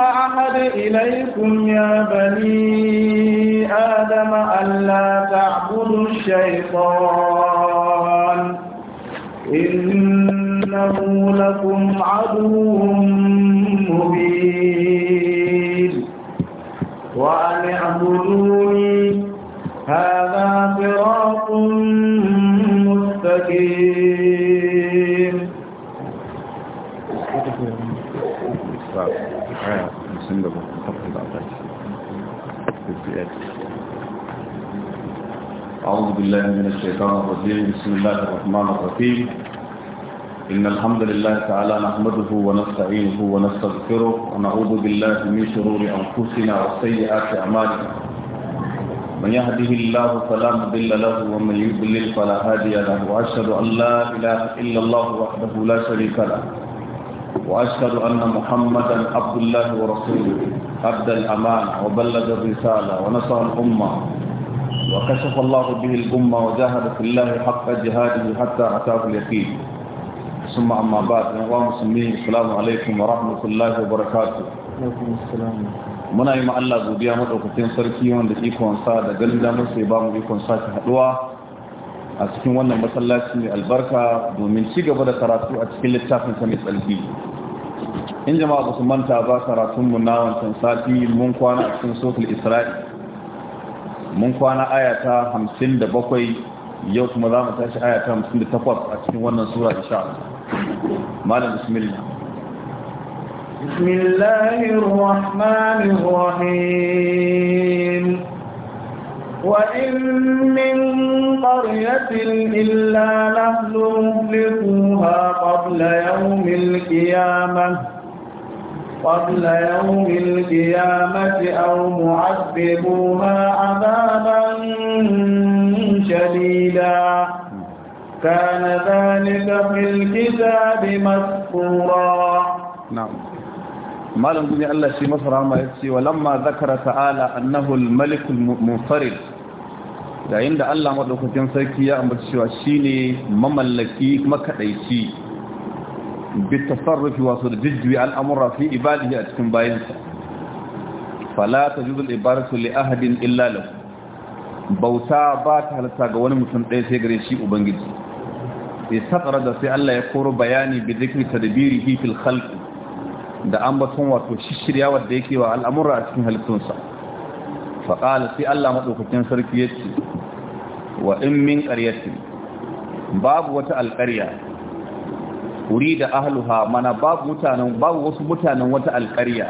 أحد إليكم يا بني آدم ألا تعبدوا الشيطان إنه لكم عدو مبين وأن اعبدوا بالله من الشيطان الرجيم بسم الله الرحمن الرحيم إن الحمد لله تعالى نحمده ونستعينه ونستغفره ونعوذ بالله من شرور أنفسنا وسيئات أعمالنا من يهده الله فلا مضل له ومن يضلل فلا هادي له وأشهد أن لا إله إلا الله وحده لا شريك له وأشهد أن محمدا عبد الله ورسوله أدى الأمانة وبلغ الرسالة ونصر الأمة وكشف الله به الأمة وجاهد في الله حق جهاده حتى أتاه اليقين ثم أما بعد نظام مسلمين السلام عليكم ورحمة الله وبركاته muna yi Allah godiya madaukakin sarki wanda ikon sa da ganin damar sai ba ikon sa ki haduwa a cikin wannan masallaci mai albarka domin ci gaba da karatu a cikin littafin sa mai tsarki in jama'a ba manta ba karatun na wancan mun kwana cikin isra'i mun kwana ayata hamsin da bakwai yau kuma za mu tashi ayata hamsin da takwas a cikin wannan sura insha malam bismillah بسم الله الرحمن الرحيم وإن من قرية إلا نحن مهلكوها قبل يوم القيامة قبل يوم القيامة أو معذبوها عذابا شديدا كان ذلك في الكتاب مسكورا نعم malam gumi Allah shi masa rahama ya ce walamma zakara ta'ala annahu al-malik al-munfarid yayin da Allah madaukakin sarki ya ambaci cewa shine mamallaki makadaici bitasarrufi wasu da jijjuyi al'amura fi ibadihi a cikin bayansa fala ta juzul ibaratu li ahadin illa lahu bauta ba ta ga wani mutum ɗaya sai gare shi ubangiji ya sakara da sai Allah ya koro bayani bi da biri, fil khalqi da ambaton wato shishirya wanda yake wa al'amura a cikin halittunsa fa qala sai Allah madaukakin sarki yace wa in min qaryatin babu wata alqarya da ahluha mana babu mutanen babu wasu mutanen wata alƙarya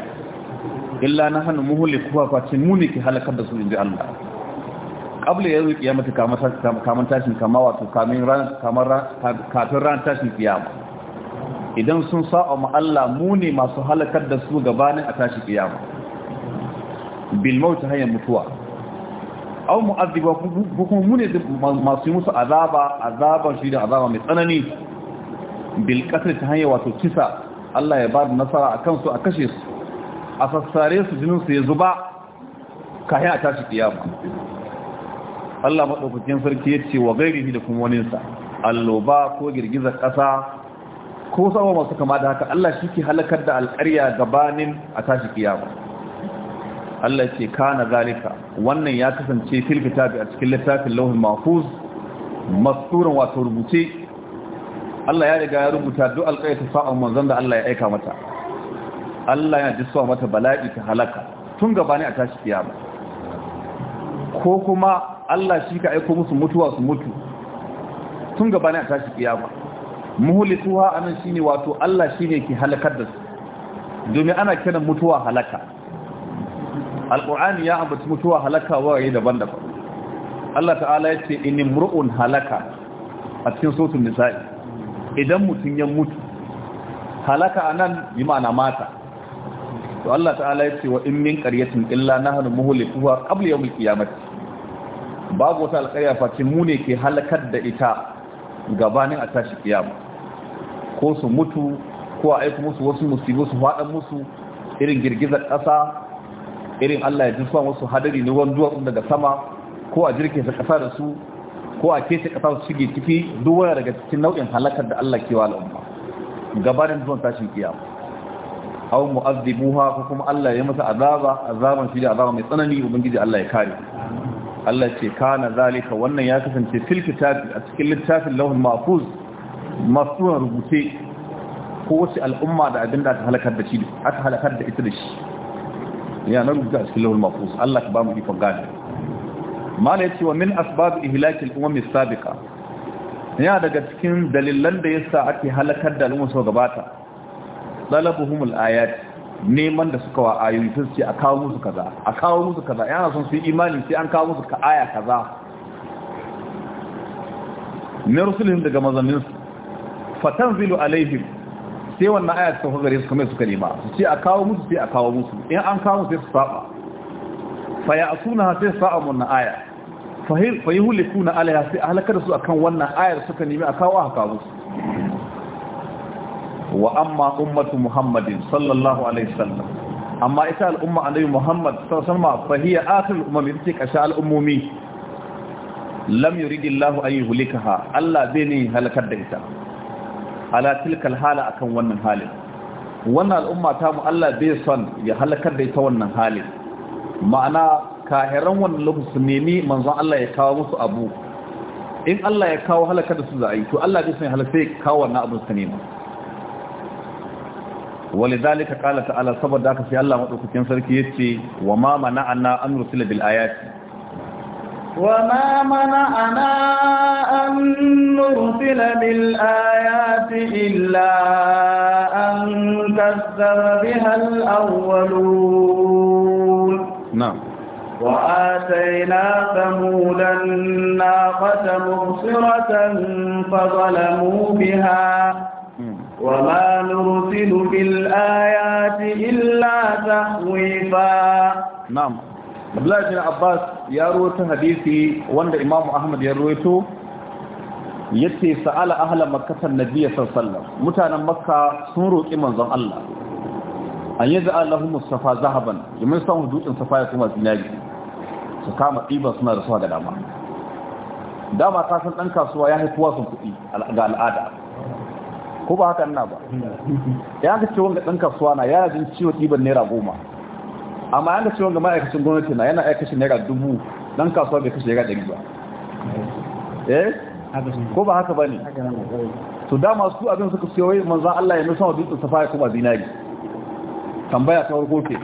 illa na nahnu muhlikuha fa timuni ki halakar da su inda Allah qabla yawmi qiyamati kama kamar tashin kama wato kamin kamar kafin ran tashin kiyama idan sun sa'a ma Allah mu ne masu halakar da su gabanin a tashin kiyama bil ta hanyar mutuwa aw mu'adhiba kuma mu ne masu musu azaba azaban shi da azaba mai tsanani Bilkasar ta hanyar wato kisa Allah ya ba da nasara a kansu a kashe su a sassare su jininsu ya zuba kayan a tashi kiyama Allah maɗaukacin sarki ya ce wa da kuma waninsa alloba ko girgizar ƙasa ko sabon masu kama da haka Allah shi ke halakar da alƙarya gabanin a tashi kiyama Allah ce na zalika wannan ya kasance filfita a cikin littafin lauhin mafuz masturin wato rubuce Allah ya riga ya rubuta duk alƙaita sa'an manzon da Allah ya aika mata Allah yana jiswa mata bala'i ta halaka tun gaba ne a tashi kiyama ko kuma Allah shi ka aiko musu mutuwa su mutu tun gaba ne a tashi kiyama muhlisuha anan shine wato Allah shine ke halakar da su domin ana kiran mutuwa halaka alqur'ani ya ambaci mutuwa halaka waye daban-daban Allah ta'ala ya ce inni mur'un halaka a cikin sotun nisa'i idan mutum ya mutu halaka anan bi ma'ana mata to Allah ta'ala ya ce wa in min qaryatin illa nahnu muhlikuha qabla yawm al-qiyamah babu wata alƙarya face mu ne ke halakar da ita gabanin a tashi kiyama ko su mutu ko a aika musu wasu musibu su faɗan musu irin girgizar ƙasa irin Allah ya jinsuwa wasu hadari na wanzuwa daga sama ko a jirgin ƙasa da su ko a kece kasa su shige ciki duk wani daga cikin nau'in halakar da Allah ke wa al'umma gabanin zuwan tashin kiyama aw mu'azzibuha ko kuma Allah ya masa azaba azaban shi da azaba mai tsanani ubangiji Allah ya kare Allah ce kana zalika wannan ya kasance fil kitabi a cikin littafin lauhul mahfuz masuwan rubuce ko wasu al'umma da abin da ta halakar da shi aka halakar da ita da shi ya na rubuta a cikin lauhul mahfuz Allah ka ba mu ikon gane mala yace wa min asbab ihlak al-umam as-sabiqa ya daga cikin dalilan da yasa ake halakar da al'umma so gabata talabuhum al-ayat neman da suka wa ayoyi sun ce a kawo musu kaza a kawo musu kaza yana son su yi imani sai an kawo musu ka aya kaza ne rusulun daga mazamin su fatanzilu alaihim sai wannan aya ta gare su kuma su kalima su ce a kawo musu sai a kawo musu in an kawo musu sai su saba fa ya asuna sai su saba wannan aya Fa fahihulikuna alaya sai a halakar su akan wannan ayar suka nemi a kawo haka musu wa amma ummatu muhammadin sallallahu alaihi sallam amma ita al'umma a annabi muhammad sallallahu alaihi fahiya akhir ummi take kasha al'ummomi lam yuridillahu an yi yuhlikaha Allah bai ne halakar da ita ala tilkal hala akan wannan halin wannan al'umma ta mu Allah bai son ya halakar da ita wannan halin ma'ana kahiran wanda lokaci su nemi manzon Allah ya kawo musu abu in Allah ya kawo halaka da su za a yi to Allah bai san halaka sai kawo wannan abin su Wani nema walidhalika qala ta'ala saboda haka sai Allah madaukakin sarki yace wa ma mana'ana an rusila bil ayati وما منعنا أن نرسل بالآيات إلا أن كذب بها الأولون نعم وآتينا ثمود الناقة مبصرة فظلموا بها وما نرسل بالآيات إلا تخويفا نعم Abdullahi bin Abbas ya rawaito hadisi wanda Imam Ahmad ya rawaito yace sa'ala ahla makkah annabi sallallahu alaihi wasallam mutanen makka sun roki manzon Allah an yaza Allahu mustafa zahaban domin san dutsen safa ya kuma zinari su kama ɗiban suna da suwa da dama dama ta san ɗan kasuwa ya haifuwa sun kuɗi ga al'ada ko ba haka ina ba ya ga ciwon ga ɗan kasuwa na yana jin ciwo ɗiban naira goma amma ya yana ciwon ga ma'aikacin gwamnati na yana aikacin naira dubu ɗan kasuwa bai kashe naira ɗari ba eh ko ba haka ba ne to dama su abin suka siyo wai manzan Allah ya nusa wa dutsen safa ya kuma zinari tambaya ta warko ke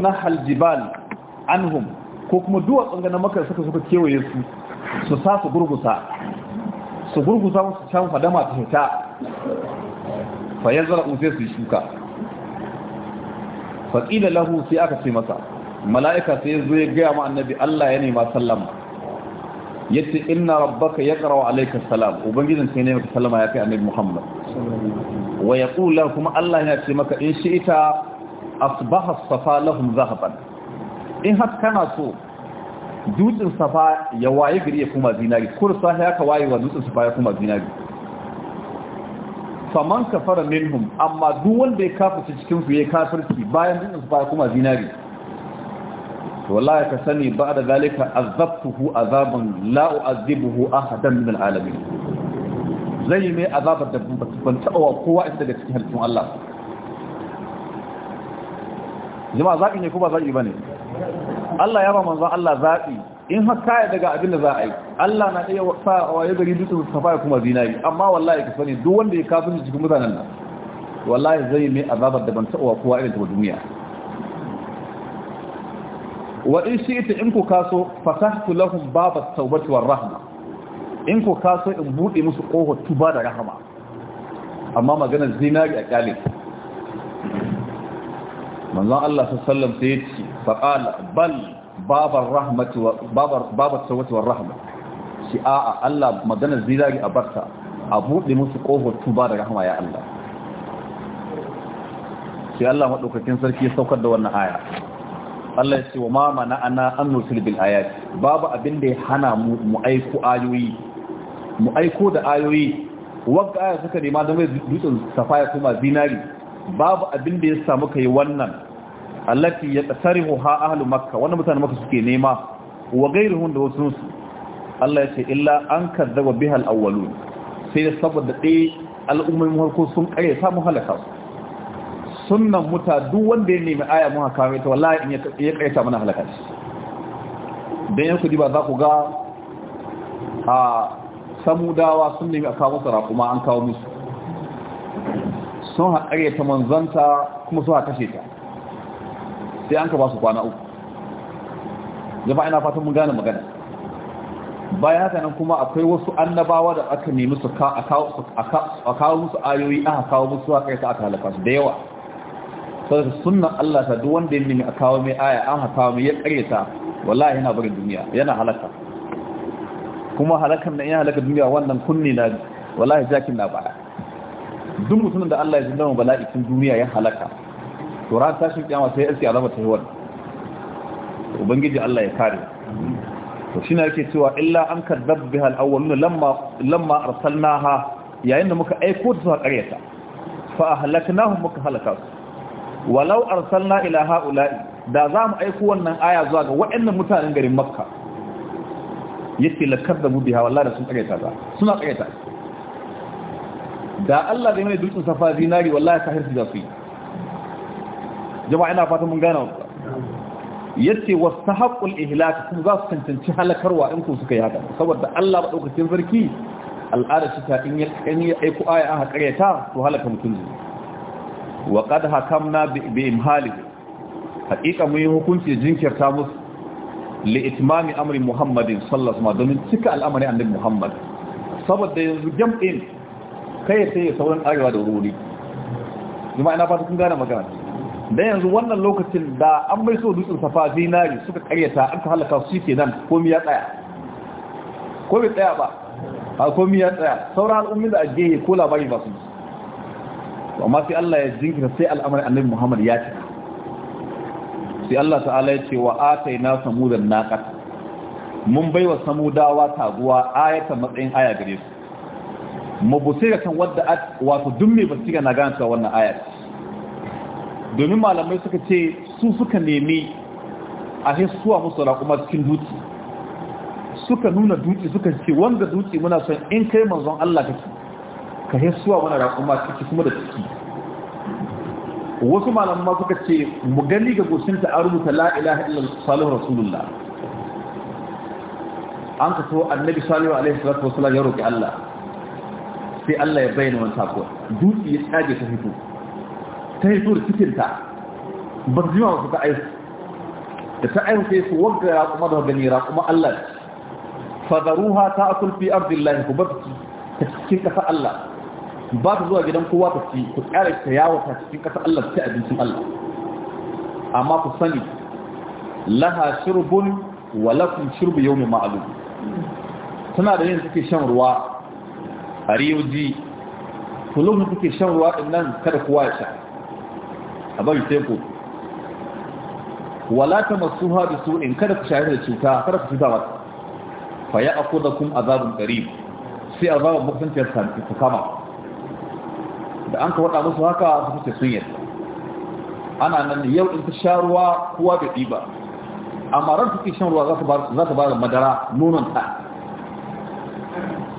na haljibal. anhum ko kuma duwatsun ganin makar suka suka kewaye su su sa su gurgusa su gurgusa su can fadama ta fita fa ya zara sai su yi shuka faƙila lahu sai aka ce masa mala'ika sai ya zo ya gaya ma annabi Allah ya nema sallama ya ce inna rabbaka ya ƙarawa alaikar salam ubangijin sai ne maka sallama ya kai annabi muhammad wa ya ƙula kuma Allah ya ce maka in shi ita asbaha safa lahum zahaban in haka kana so dutsen safa ya waye gari ya kuma zinari kursa ya ka waye wa dutsen safa ya kuma zinari faman kafara minhum amma duk wanda ya kafirce cikin su ya kafirci bayan dutsen safa ya kuma zinari to wallahi ka sani ba da zalika azabtuhu azaban la u'azibuhu ahadan min alalamin zai mai azabar da ban taɓa kowa inda daga cikin halittun Allah jama'a zaƙi ne ko ba zaƙi ba ne Allah ya ba manzon Allah zaɓi in haka ya daga abin da za a yi Allah na iya sa waye gari dutsen safa ya kuma zinari amma wallahi ka sani duk wanda ya kafin cikin mutanen nan wallahi zai mai azabar da ban taɓa kowa irin ta duniya wa in shi ita in ku kaso fatahtu lahum baba tawbati war rahma in ku kaso in bude musu kofar tuba da rahama amma maganar zinari a ƙyale manzon Allah sallallahu alaihi wasallam sai ya ce faƙala bal babar rahmatu babar sauwatu wa rahma shi a'a Allah maganar zirari a barta a buɗe musu ƙofar tuba da ya Allah shi Allah maɗaukakin sarki ya saukar da wannan aya Allah ya ce wa mama na ana an nursil bil ayat babu abin da ya hana mu aiko ayoyi mu aiko da ayoyi wanda aya suka nema da mai dutsen safaya kuma zinari babu abinda da ya samu kai wannan allati yatasarihu ha ahlu makka wannan mutanen makka suke nema wa ghayruhum da wasu su Allah ya ce illa an kadzaba bihal awwalun sai da saboda dai al'ummai mu harko sun kare sa mu halaka sunnan muta duk wanda ya nemi aya mu haka mai to wallahi in ya kare kaita mana halaka shi dan yanku diba za ku ga a samudawa sun nemi a kawo musu kuma an kawo musu sun haƙare ta manzanta kuma su haƙashe ta sai an ka ba su kwana uku jama'a ina fatan mun gane magana bayan haka nan kuma akwai wasu annabawa da aka nemi su a kawo musu ayoyi aka kawo musu kai ta aka halaka su da yawa saboda sunnan Allah ta duk wanda ya nemi a kawo mai aya an haka kawo mai ya tsare ta wallahi yana barin duniya yana halaka kuma halakan nan ina halaka duniya wannan kunni na wallahi jakin na baya duk mutumin da Allah ya zama bala'icin duniya ya halaka to ran tashin kiyama sai iske zama ta wani. ubangiji Allah ya kare to shi ne yake cewa illa an ka biha al-awwalun lamma lamma ha yayin da muka aiko ta zuwa karyata fa hu muka halaka su walau arsalna ila haula'i da za mu aiko wannan aya zuwa ga waɗannan mutanen garin makka yace la kadzabu biha wallahi sun karyata ta suna karyata da Allah zai mai dutsen safa zinari wallahi ta hirsu da su yi jama'a ina fata mun gane yace wastahaqqul ihlak kuma za su tantance halakarwa in ku suka yi haka saboda Allah ba daukacin sarki al'ada shi ta in ya kani aiko aya aka karyata to halaka mutum ne wa qad hakamna bi imhali hakika mu yi hukunci jinkirta musu li itmami amri muhammadin sallallahu alaihi wasallam cika al'amari annabi muhammad saboda yanzu jam'in kai sai sauran arewa da wuri jama'a ina fata kun gane magana dan yanzu wannan lokacin da an bai so dutsen safa zinari suka karyata an ka halaka su ke nan komi ya tsaya ko bai tsaya ba a komi ya tsaya sauran al'ummin da ajiye ko labari ba su to amma sai Allah ya jinkira sai al'amarin annabi Muhammad ya cika sai Allah ta'ala ya ce wa ataina samudan naqat mun baiwa samudawa taguwa ayata matsayin aya gare su mabusiratan wadda wato ba mai basira na ganta wannan ayati domin malamai suka ce su suka nemi a hissuwa musu kuma cikin dutse suka nuna dutse suka ce wanda dutse muna son in kai manzon Allah kake ka hissuwa mana raƙuma ciki kuma da ciki wasu malamma suka ce mu gani ga gosinta an rubuta la ilaha illallah salihu rasulullah an ka so annabi salihu alaihi salatu wasallam ya roki Allah sai Allah ya bayyana wannan sako dutse ya tsage ta hito ta haifu da cikinta ba su jima wasu ta aihu da ta aihu sai su wagga ya kuma da gani ra kuma Allah fadaruha ta akul fi ardillahi ku bar ta cikin kasa Allah ba ta zuwa gidan kowa ta ci ku kare ta yawo ta cikin kasa Allah ta abincin Allah amma ku sani laha shirbun wa lakum shirbu yawmin ma'lum tana da yin suke shan ruwa a riyoji ku lokacin suke shan ruwa din nan kada kowa ya sha a teku sai ku wala ta masu haɗu su in kada ku shayar da cuta kada ku cuta wata fa ya ako da kuma azabin ɗari, sai azabin makusanciyar ta kama da an ka waɗa musu haka su ce sun yi ana nan yau in ta sha ruwa kuwa da ɗiba amma ran take shan ruwa za ta ba da madara nonon ta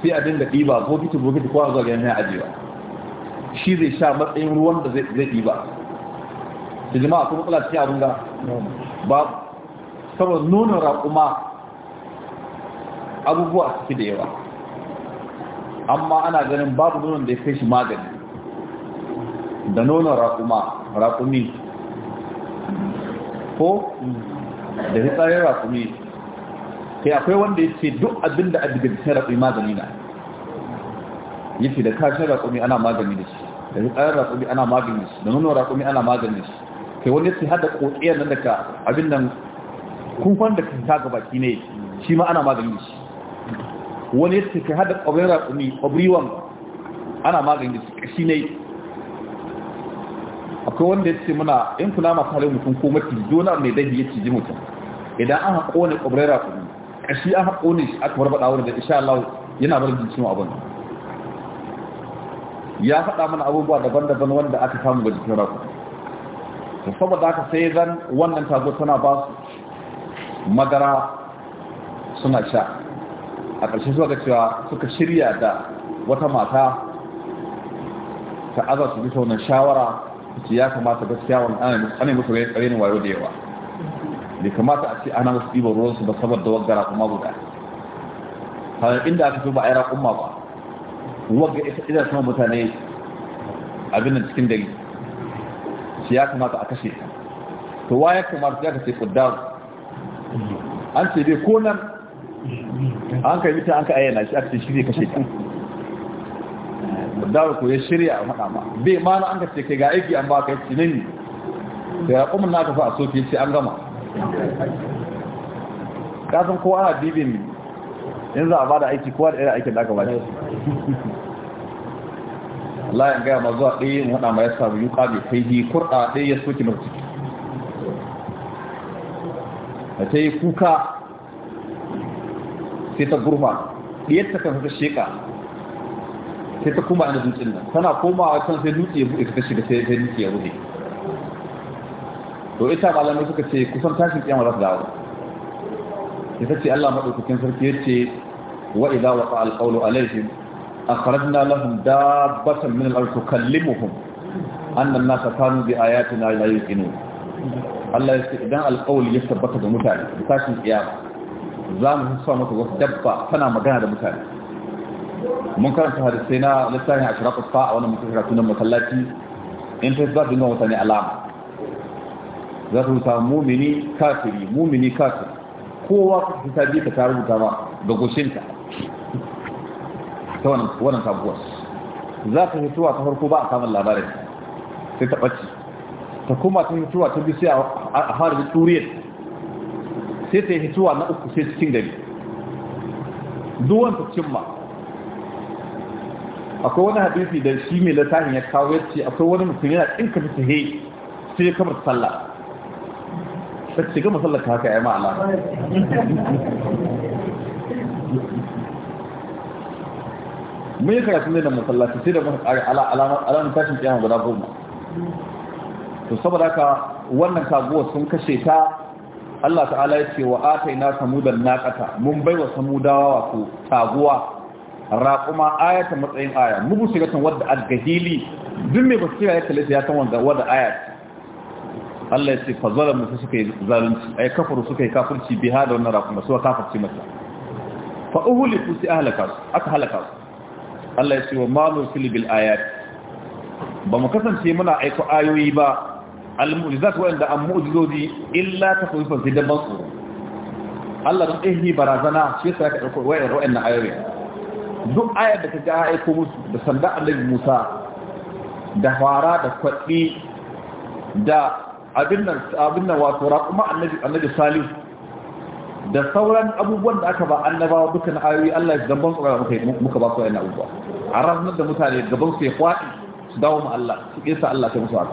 sai a dinga ɗiba bokiti bokiti kowa zuwa ganin ajiyewa shi zai sha matsayin ruwan da zai ɗiba da jama'a kuma kula ce abun ga ba saboda nuna raƙuma abubuwa suke da yawa amma ana ganin babu nunan da ya kai shi magani da nuna raƙuma raƙumi ko da fitsarin raƙumi sai akwai wanda ya ce duk abin da abin da raƙumi magani na ya ce da kashin raƙumi ana magani da shi da fitsarin raƙumi ana magani da shi da nuna raƙumi ana magani da shi kai wani sai hada kotsiyar nan daga abin nan kumfan da kan taga baki ne shi ma ana magani shi wani sai kai hada kwabrira tsumi kwabriwan ana magani shi kashi ne akwai wanda ya ce muna in kuna masu halin mutum ko mafi jona mai dahi ya ji mutum idan an haƙo ne kwabrira tsumi kashi an haƙo ne shi aka barbaɗa wani da insha Allah yana bar jincin abin ya faɗa mana abubuwa daban-daban wanda aka samu ga jikin rakuma to saboda haka sai zan wannan tazo tana ba su madara suna sha a ƙarshe suka cewa suka shirya da wata mata ta aza su bisa wannan shawara ce ya kamata gaskiya wani ana musu rai ne wayo da yawa bai kamata a ce ana musu ɗiban su ba saboda waggara kuma guda har inda aka fi ba a yi raƙumma ba wagga ita ina sama mutane abin cikin dare mace ya kamata a kashe ta to wa ya kamata ya kashe kuddar an ce dai ko nan an kai ta an ka ayyana shi a ce shi zai kashe ta kuddar ko ya shirya a faɗa ma bai ma an ka ce kai ga aiki an ba ka yi ne da ya kuma na kafa a soke ce an gama kasan ko ana dibin in za a ba da aiki kowa da irin aikin da aka ba shi la ya gaya ma zuwa ɗaya yin haɗa ma ya samu yuka mai sai yi kurɗa ɗaya ya soke masu ciki ta yi kuka sai ta gurma ɗaya ta kan ta sheka sai ta kuma ina dutsen nan tana komawa can sai dutse ya buɗe ta shiga sai ta dutse ya buɗe to ita lamar suka ce kusan tashin kiyama za su dawo ita ce Allah maɗaukakin sarki ya ce wa idza waqa alaihim akhrajna lahum dabbatan min al-ard tukallimuhum anna a nasa kanu bi ayatina la yuqinun Allah ya ce idan alƙawli ya tabbatar ga mutane tashin kiyama za mu sa masa wasu dabba tana magana da mutane mun karanta hadisai na lissafin ashraqu sa'a wannan mutum karatu na masallaci in za su yi mutane alama za su rubuta mumini kafiri mumini kafiri kowa ta ka ta rubuta ba ga ta wannan sabuwar za ta fitowa ta farko ba a samun labarin sai ta ɓace ta kuma ta fitowa ta bisu a harin turiyar sai ta yi fitowa na uku sai cikin gari duwanta cimma akwai wani hadisi da shi mai latahin ya kawo ya ce akwai wani mutum yana ɗinka ta hei sai ya kamar sallah ta shiga ta haka ya ma'ala mun yi karatu ne da masallaci sai da mun kare alamun tashin kiyama guda goma to saboda ka wannan kaguwa sun kashe ta Allah ta'ala ya ce wa ataina samudan naƙata, mun baiwa samudawa wato taguwa Raƙuma ayata matsayin aya mugu shigatan wadda al-gahili duk mai kira ya kalle ya san wanda wadda aya Allah ya ce fa zalamu su suka yi zalunci ay kafaru suka yi biya bi hada wannan su ka kafurci mata fa uhliku si ahlaka aka halaka su Allah ya ce wa fili filibil ayat ba mu kasance muna aiko ayoyi ba al-mu'jizat wanda an mu'jizoji illa ta kuwa sai da Allah ya ehi barazana shi yasa ka dauko wayar wa'annan ayoyi duk ayar da ka ga aiko musu da sanda Annabi Musa da fara da kwaɗi da abin nan abin nan wato raquma Annabi Annabi Salihu da sauran abubuwan da aka ba annabawa dukkan ayoyi Allah ya zamban tsara muka muka ba su ayyana abubuwa a ranar da mutane gaban su ya kwaɗi su dawo ma Allah su ƙesa Allah ta musu haka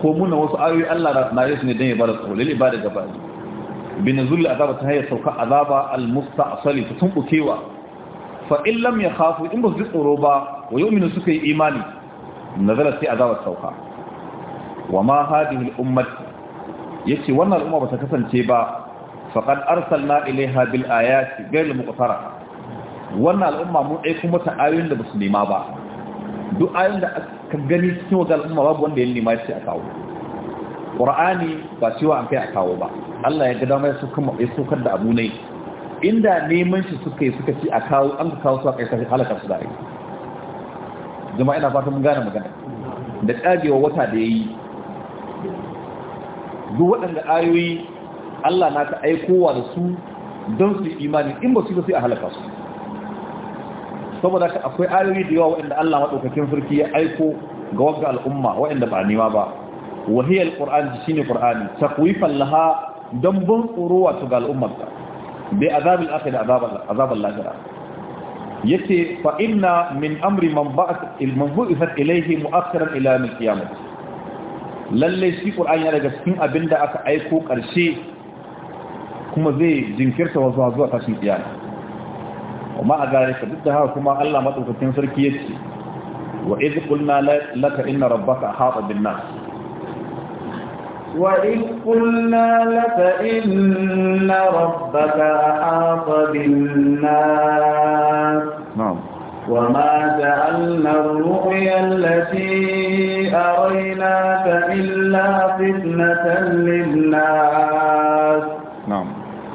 ko muna wasu ayoyi Allah na yi su ne don ya bada tsoro lalle ba da gaba bin zulli azaba ta hayar sauka azaba almusta asali ta tumbukewa fa in lam ya khafu in ba su ji tsoro ba wa yu'minu suka yi imani nazara sai azaba sauka wa ma hadhihi al Ya yace wannan al'umma ba ta kasance ba faqad arsalna ilaiha bil ayati ghayr muqtara wannan al'umma mu ɗai kuma ta ayoyin da ba su nema ba duk ayoyin da aka gani cikin wata al'umma babu wanda ya nema shi a kawo ƙura'ani ba cewa an kai a kawo ba Allah ya gada mai sukar da abu ne inda neman shi suka yi suka ci a kawo an kawo su a kai ƙarshe halaka su da ake jama'a ina fata mun gane magana da ƙagewa wata da ya yi duk waɗanda ayoyi Allah na ta aikowa da su don su imani in ba su ba sai a halaka su saboda haka akwai ayoyi da yawa waɗanda Allah madaukakin sarki ya aiko ga wagga al'umma waɗanda ba nima ba wahiyar qur'an shine qur'ani takwifan laha dan ban tsoro wato ga al'ummar ta bi azabil akhir azabal azabal lahira yace fa inna min amri man ba'at al manbu'at ilayhi mu'akhiran ila min qiyamah lalle shi qur'ani daga cikin abinda aka aiko karshe kuma zai jinkirta wasu zuwa tashin kiyama وما ذلك بدها كما الله مدوكتين سركي كيتي وإذ قلنا لك إن ربك أحاط بالناس وإذ قلنا لك إن ربك أحاط بالناس نعم وما جعلنا الرؤيا التي أريناك إلا فتنة للناس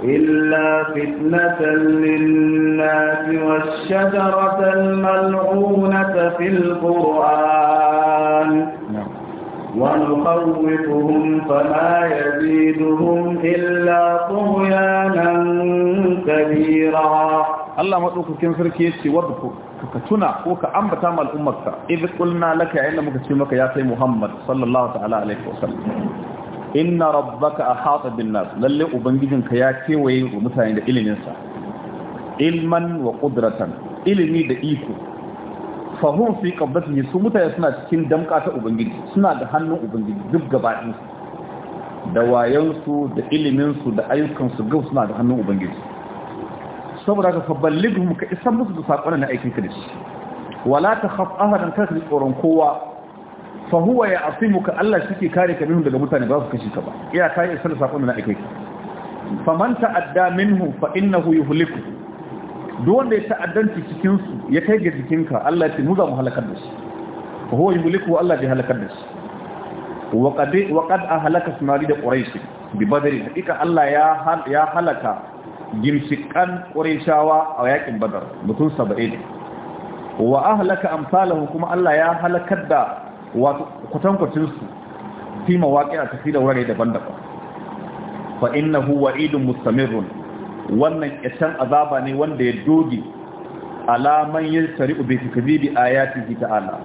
إلا فتنة للناس والشجرة الملعونة في القرآن نعم. ونخوفهم فما يزيدهم إلا طغيانا كبيرا الله مطلوك كم يشي وردكو كتنا فوك أم بتام الأمة إذ قلنا لك علمك سيمك يا سي محمد صلى الله عليه وسلم inna rabbaka ahata bin nas lalle ka ya kewaye wa mutane da ilimin sa ilman wa qudratan ilimi da iko fa hum fi qabdatihi su mutane suna cikin damka ta ubangiji suna da hannun ubangiji duk gabaɗin su da wayansu da ilimin su da ayyukan su gaba suna da hannun ubangiji saboda ka faballighum ka isar musu da sakon na aikin ka da shi wala ta khaf ahadan kar ka tsoron kowa fa huwa ya asimuka Allah shike kare ka minhu daga mutane ba su kashe ka ba iya kai isar sakon da na aike fa man ta'adda minhu fa innahu yuhliku duk wanda ya ta'addanci cikin su ya kai ga jikinka Allah ya ce mu za mu halakar da shi fa huwa yuhliku Allah ya halakar da shi wa qad wa qad ahlaka samari da quraish bi badri hakika Allah ya ya halaka gimshikan qurayshawa a yakin badar mutum 70 wa ahlaka amsalahu kuma Allah ya halakar da wato kwatankwacin su fi mawaƙi a tafi da wurare daban-daban fa innahu wa'idun mustamirrun wannan isan azaba ne wanda ya doge alaman yin shari'u bai fi kazibi ayati ta'ala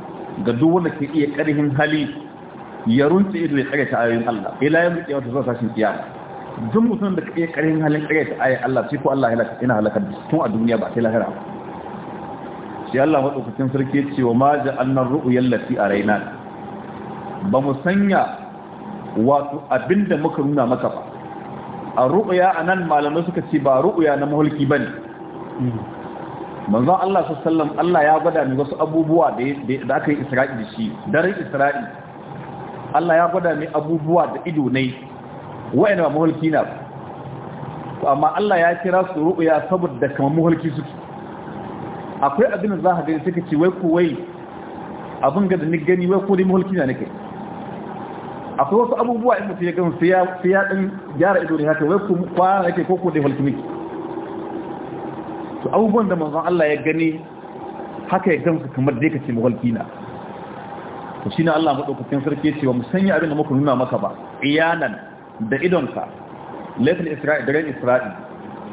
ga duk wanda ke iya karhin hali ya runce ido ya tsare ta ayoyin Allah ila yau kiyama ta zuwa sashin kiyama duk mutum da ke iya karhin halin tsare ta ayoyin Allah sai ko Allah yana halakar da tun a duniya ba sai lahira ba sai Allah madaukakin sarki ya ce wa ma ja'alna ru'yal lati araina ba mu sanya wato abinda muka nuna maka ba a ru'uya a nan malamai suka ce ba ru'uya na mahulki ba ne manzan Allah sallam Allah ya gwada ni wasu abubuwa da aka yi isra'i da shi daren isra'i Allah ya gwada ni abubuwa da ido ne wa'ina ba mahulki na ba amma Allah ya kira su ru'uya saboda kamar mahulki suke akwai abin da za ka gani suka ce wai ko wai abin ga da ni gani wai ko dai mahulki na nake akwai wasu abubuwa in mutum ya gan sai ya gyara ido ne haka wai kuma kwana yake ko da falkumi to abubuwan da manzon Allah ya gani haka ya gan su kamar dai kace mawalki na to ne Allah madaukakin sarki ya ce wa musanya abin da muka nuna maka ba iyanan da ka, laifin isra'i da ran isra'i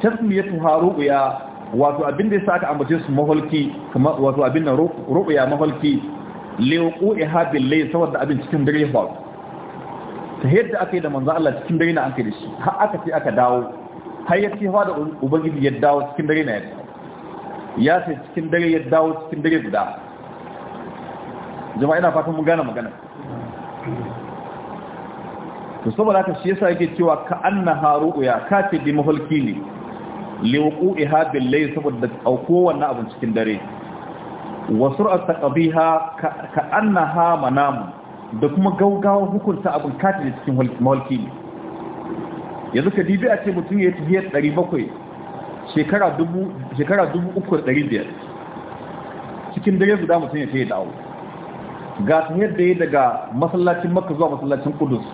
tasmiyatu haruya wato abin da sa aka ambace su maholki kamar wato abin da ruya maholki liqu ihabil lay saboda abin cikin dare ya faru ta yadda aka yi da manzan Allah cikin dare na an kai da shi har aka ce aka dawo har ya cewa da ubangiji ya dawo cikin dare na yadda ya ce cikin dare ya dawo cikin dare guda jama'a ina fatan mun gane magana to saboda haka shi yasa yake cewa ka haru ya ka ce bi mahalki ne li hadhihi al layl saboda auko wannan abin cikin dare wa sur'at taqbiha ka annaha manamu da kuma gaugawa hukunta abin kati da cikin mahalki ne yanzu ka dibi a ce mutum ya tafiye 700 shekara 3,500 cikin dare guda mutum ya ce ya dawo ga ta yadda ya daga masallacin makka zuwa masallacin kudus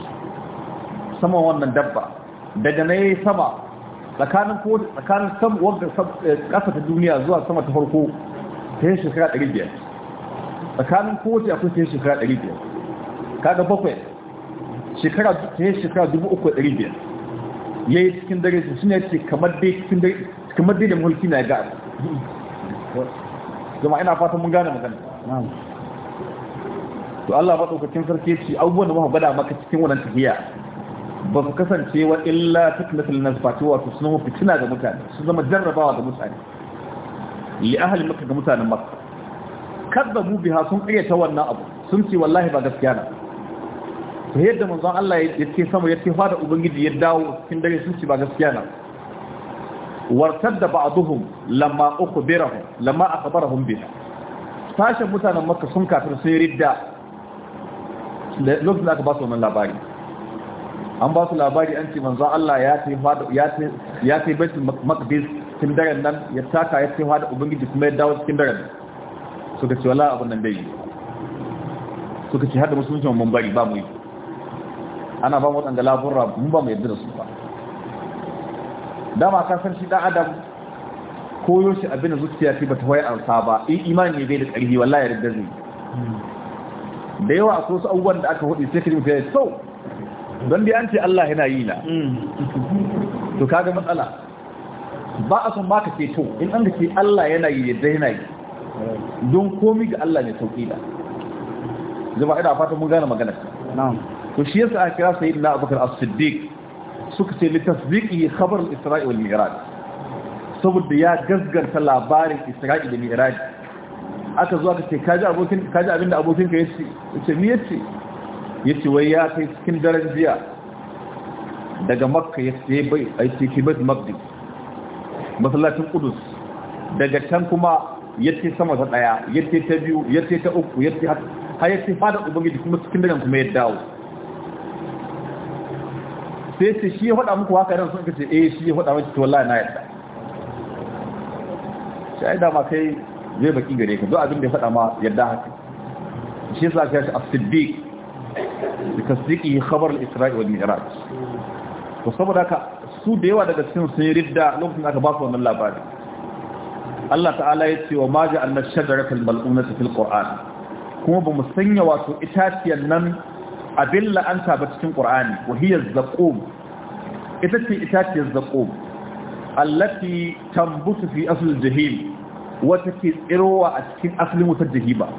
sama wannan dabba daga na yi sama tsakanin kasa eh, ta duniya zuwa sama ta farko ta yi shekara 500 tsakanin kowace akwai ta yi shekara 500 kaga bakwai shekara ne shekara dubu ya yi cikin dare su suna ce kamar dai kamar dai da mulki na ga Zama ina fatan mun gane magana to Allah ba tsokacin sarki ya ce abubuwan da muka gada maka cikin wannan tafiya ba su kasance wa illa fitnatul fati wato suna mafi tuna ga mutane su zama jarrabawa ga mutane li ahali maka ga mutanen kadda mu biha sun ta wannan abu sun ce wallahi ba gaskiya na ta yadda manzon Allah ya ce sama ya ce fada ubangiji ya dawo cikin dare sun ci ba gaskiya na wartar da ba'aduhum lamma ukhbirahum lamma akhbarahum biha sashen mutanen makka sun kafir sun ridda lokacin da aka ba su wannan labari an ba su labari an ce manzo Allah ya ce fada ya ce ya ce baitul cikin daren nan ya taka ya ce fada ubangiji kuma ya dawo cikin daren suka ce wala abun nan dai suka ce hada musulunci mun bari ba mu yi ana ba mu waɗanda laburra mun ba mu yadda da su ba dama ka san shi ɗan adam koyo shi abin da zuciya ce ba ta waya ansa ba in imani ne bai da ƙarfi wallahi yarda zai hmm. da yawa akwai wasu abubuwan da aka hudu sai ka ji sau don dai an ce Allah yana yi na hmm. to kaga matsala ba a son baka ce to in an da ce Allah yana yi yadda yana yi don komi ga Allah ne sauƙi da zama ina fata mun gane maganar na'am to shi yasa aka kira sayyidina Abubakar As-Siddiq suka ce litasdiqi khabar al-Isra'i wal Mi'raj saboda ya gasganta labarin Isra'i da Mi'raj aka zo aka ce kaji abokin kaji abinda abokin ka yace yace me yace yace wai ya kai cikin daren jiya daga Makka yace bai ai cikin Bait Maqdis masallacin Qudus daga can kuma yace sama ta daya yace ta biyu yace ta uku ubangiji kuma cikin daren kuma ya dawo sai ce shi ya faɗa muku haka irin sun ka ce eh shi ya faɗa miki to wallahi na yarda shi ai dama kai zai baki gare ka duk abin da ya faɗa ma yarda haka shi yasa ka shi as-siddiq bitasdiqi khabar al-isra'i wal mi'raj to saboda ka su da yawa daga cikin sun ridda lokacin aka ba su wannan labari Allah ta'ala ya ce wa ma ja'alna shajaratal mal'unata fil qur'an kuma ba mu sanya wato itaciyar nan abin la'anta ba cikin qur'ani wahiyar zaqum ita ce itaciyar zaqum allati tambutu fi asl jahim wata ke tsirowa a cikin asalin wutar jahiba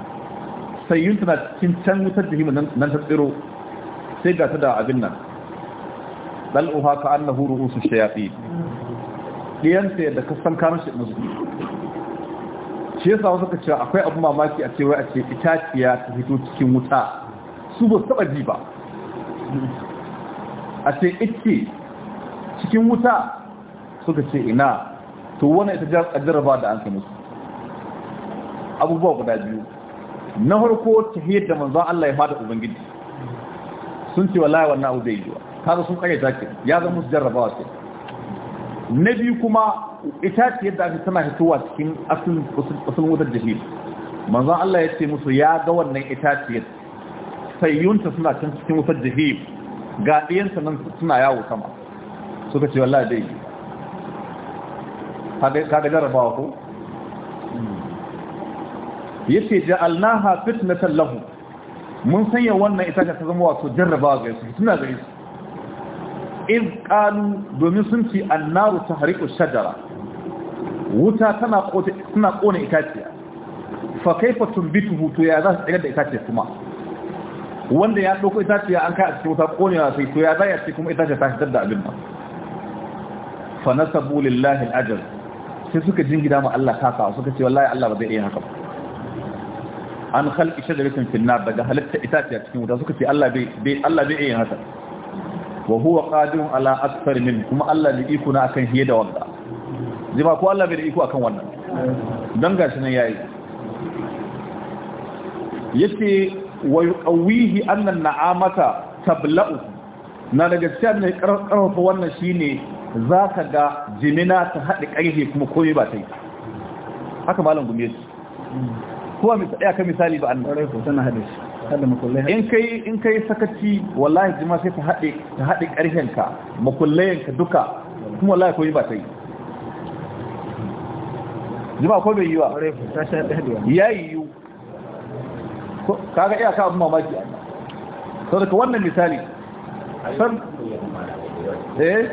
sayyun tana cikin can wutar jahima nan ta tsiro sai ga da abin nan dal'uha ka annahu ru'usu shayatin diyanta da kasan karin shi musulmi shi sa wasu ka cewa akwai abu mamaki a cewa a ce itaciya ta fito cikin wuta su ba su taba ji ba a ce ikke cikin wuta suka ce ina to wani ita jarraba da an kai musu abubuwa guda biyu na harko ta hiyar da manzan Allah ya fada ubangiji sun ce wallahi wannan abu zai Ta kaga sun kare take ya zama musu jarrabawa ce na biyu kuma ita ce yadda ake tana hitowa cikin asalin wutar jahil manzan Allah ya ce musu ya ga wannan itaciyar fayyunta suna can cikin wutar jihim Gaɗiyansa nan suna yawo sama suka ce wallahi dai kaga jarabawa ko ya ce ja'alnaha fitnatan lahu mun sanya wannan ita ta zama wato jarrabawa ga su suna gare in qalu domin sun ci annaru tahriqu shajara wuta tana kona itaciya fa kaifa tumbituhu to ya za su tsigar da itaciya kuma wanda ya ɗauko itaciya an kai a cikin wuta ƙonewa sai ko ya zai a cikin ce ta fitar da abin nan fa nasabu lillahi al-ajr sai suka jingida ma Allah kaka suka ce wallahi Allah ba zai iya haka ba an khalqi da fil nar daga halitta a cikin wuta suka ce Allah bai Allah bai yin haka wa huwa qadirun ala akthar min kuma Allah da iko na akan hiye da wanda zima ko Allah bai da iko akan wannan dan gashi nan yayi yace wa yuqawihi anna na'amata tabla'u na daga cewa ne karfafa wannan shine zaka ga jimina ta haɗe ƙarfi kuma koyi ba ta haka malam gumi yake kowa mai tsaya ka misali ba annabi ko tana haɗe haɗe makullai in kai in kai sakaci wallahi jima sai ta haɗe ta haɗe ƙarfin ka makullayen ka duka kuma wallahi koyi ba ta yi jima ko bai yi ba yayi kaga iya ka abin mamaki a sau daga wannan misali san eh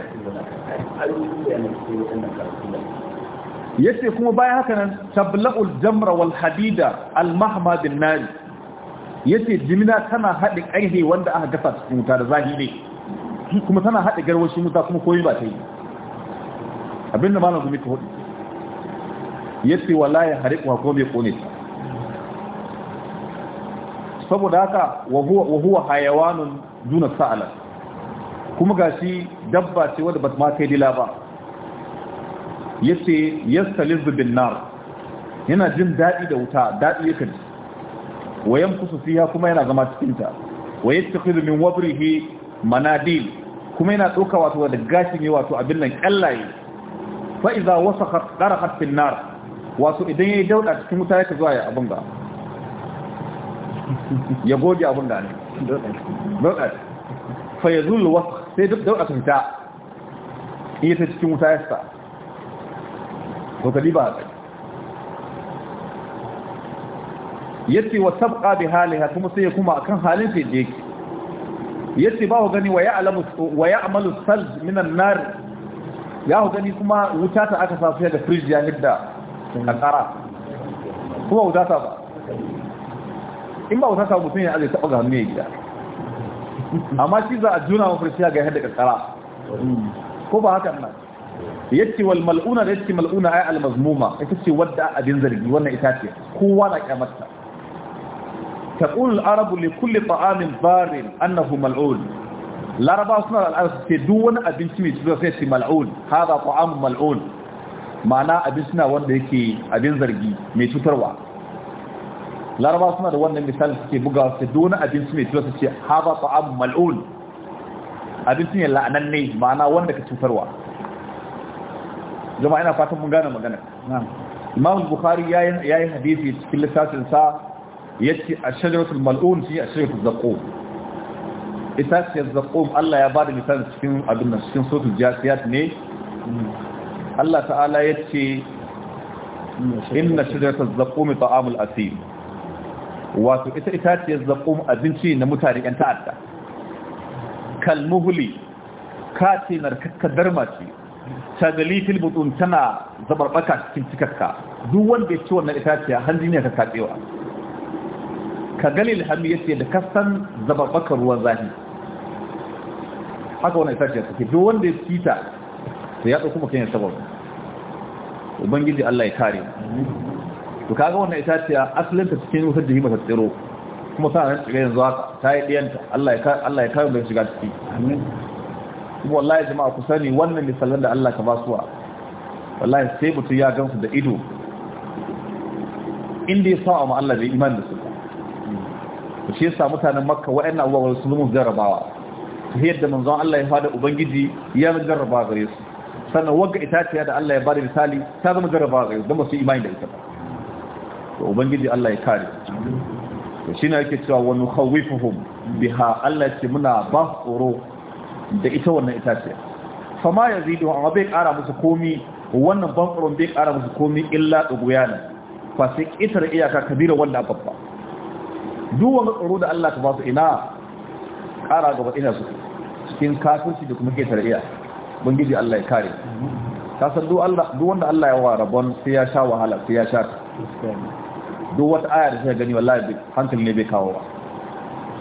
yace kuma bayan haka nan tabla'ul jamra wal hadida al mahma bin Ya yace jimina tana haɗin aihe wanda aka dafa cikin wuta da zahiri kuma tana haɗe garwashi za kuma koyi ba ta yi abinda na gumi ka hudu yace wallahi hariq wa ko bai kone ta saboda haka wa huwa hayawanun duna sa'ala kuma gashi dabba ce wadda ba ma kai dila ba yace yastalizu bin nar yana jin dadi da wuta dadi yake wayan kusu fiya kuma yana zama cikin ta wa min wabrihi manadil kuma yana doka wato da gashi ne wato abin nan kallaye fa idza wasakhat qaraqat bin nar wato idan yayi dauda cikin wuta yake zuwa ya abunga ya goge abin da ne dauɗa fa ya zullu wasu sai duk dauɗa ta fita iya ta cikin wuta ya sa to ka diba a tsaye yace wa sabqa bi haliha kuma sai kuma akan halin sai da yake yace ba gani wa ya'lamu wa ya'malu salj min an-nar ya gani kuma wuta ta aka sa sai da fridge ya hidda a tsara kuma wuta ta ba in ba wata samu mutum ya aje taɓa ga hannu ya gida amma shi za a juna mafarciya ga yadda kankara ko ba haka nan yace wal mal'una da yace mal'una ay al mazmuma ita ce wadda abin zargi wannan ita ce kowa na kyamarta taqul al arabu li kulli ta'amin barin annahu mal'un laraba suna al arab ce duk wani abinci mai tsiro sai ce mal'un hada ta'am mal'un ma'ana abin suna wanda yake abin zargi mai cutarwa laraba suna da wannan misali suke buga su duna abinci mai tura su ce haba ta'am mal'un abinci ne la'ananne ma'ana wanda ka cutarwa jama'a ina fatan mun gane magana imam bukhari yi hadisi cikin littafin sa yace ash-shajaratul mal'un fi ash-shajaratul zaqum itaciyar zaqum Allah ya bada misali cikin abin nan cikin suratul jasiyat ne mm. Allah ta'ala ya yace inna shajaratul mai ta'amul asim wato ita itaciyar zaƙum abinci na mutane 'yan ta'adda kalmuhuli ka ce na darma ce shagali filbutun tana zabarɓaka cikin cikakka duk wanda ya ci wannan itaciya hanji ne ka katsewa ka gani hannu ya ce da kasan zabarbakar ruwan zafi haka wannan itaciya suke duk wanda ya ci ta ya ɗauki mutum ya sabon ubangiji allah ya kare to kaga wannan ce asalin ta cikin wutar jihima ta tsiro kuma sa nan tsire yanzu haka ta yi ɗiyanta Allah ya Allah kawo mai shiga ciki kuma wallahi jama'a ku sani wannan misalan da Allah ka basuwa wallahi sai mutum ya gansu da ido inda ya sa ma Allah da iman da su Ku shi yasa mutanen Makka na abubuwa su mun jarrabawa. ta yadda manzon Allah ya fada ubangiji ya jarraba gare su sannan wagga itaciya da Allah ya bada misali ta zama jarraba gare su don ba su imani da ita ba to ubangiji Allah ya kare to shine yake cewa wa nukhawifuhum biha Allah ya ce muna bahuru tsoro da ita wannan fa ma yazidu amma bai kara musu komi wannan ban tsoron bai kara musu komi illa duguyana fa sai kitar iyaka kabira wanda babba duk wani tsoro da Allah ta ba su ina kara gaba ina su cikin kafirci da kuma kitar iya ubangiji Allah ya kare ta san duk wanda Allah ya wa rabon sai ya sha wahala sai ya sha duk wata aya da suka gani wallahi hankali ne bai kawo ba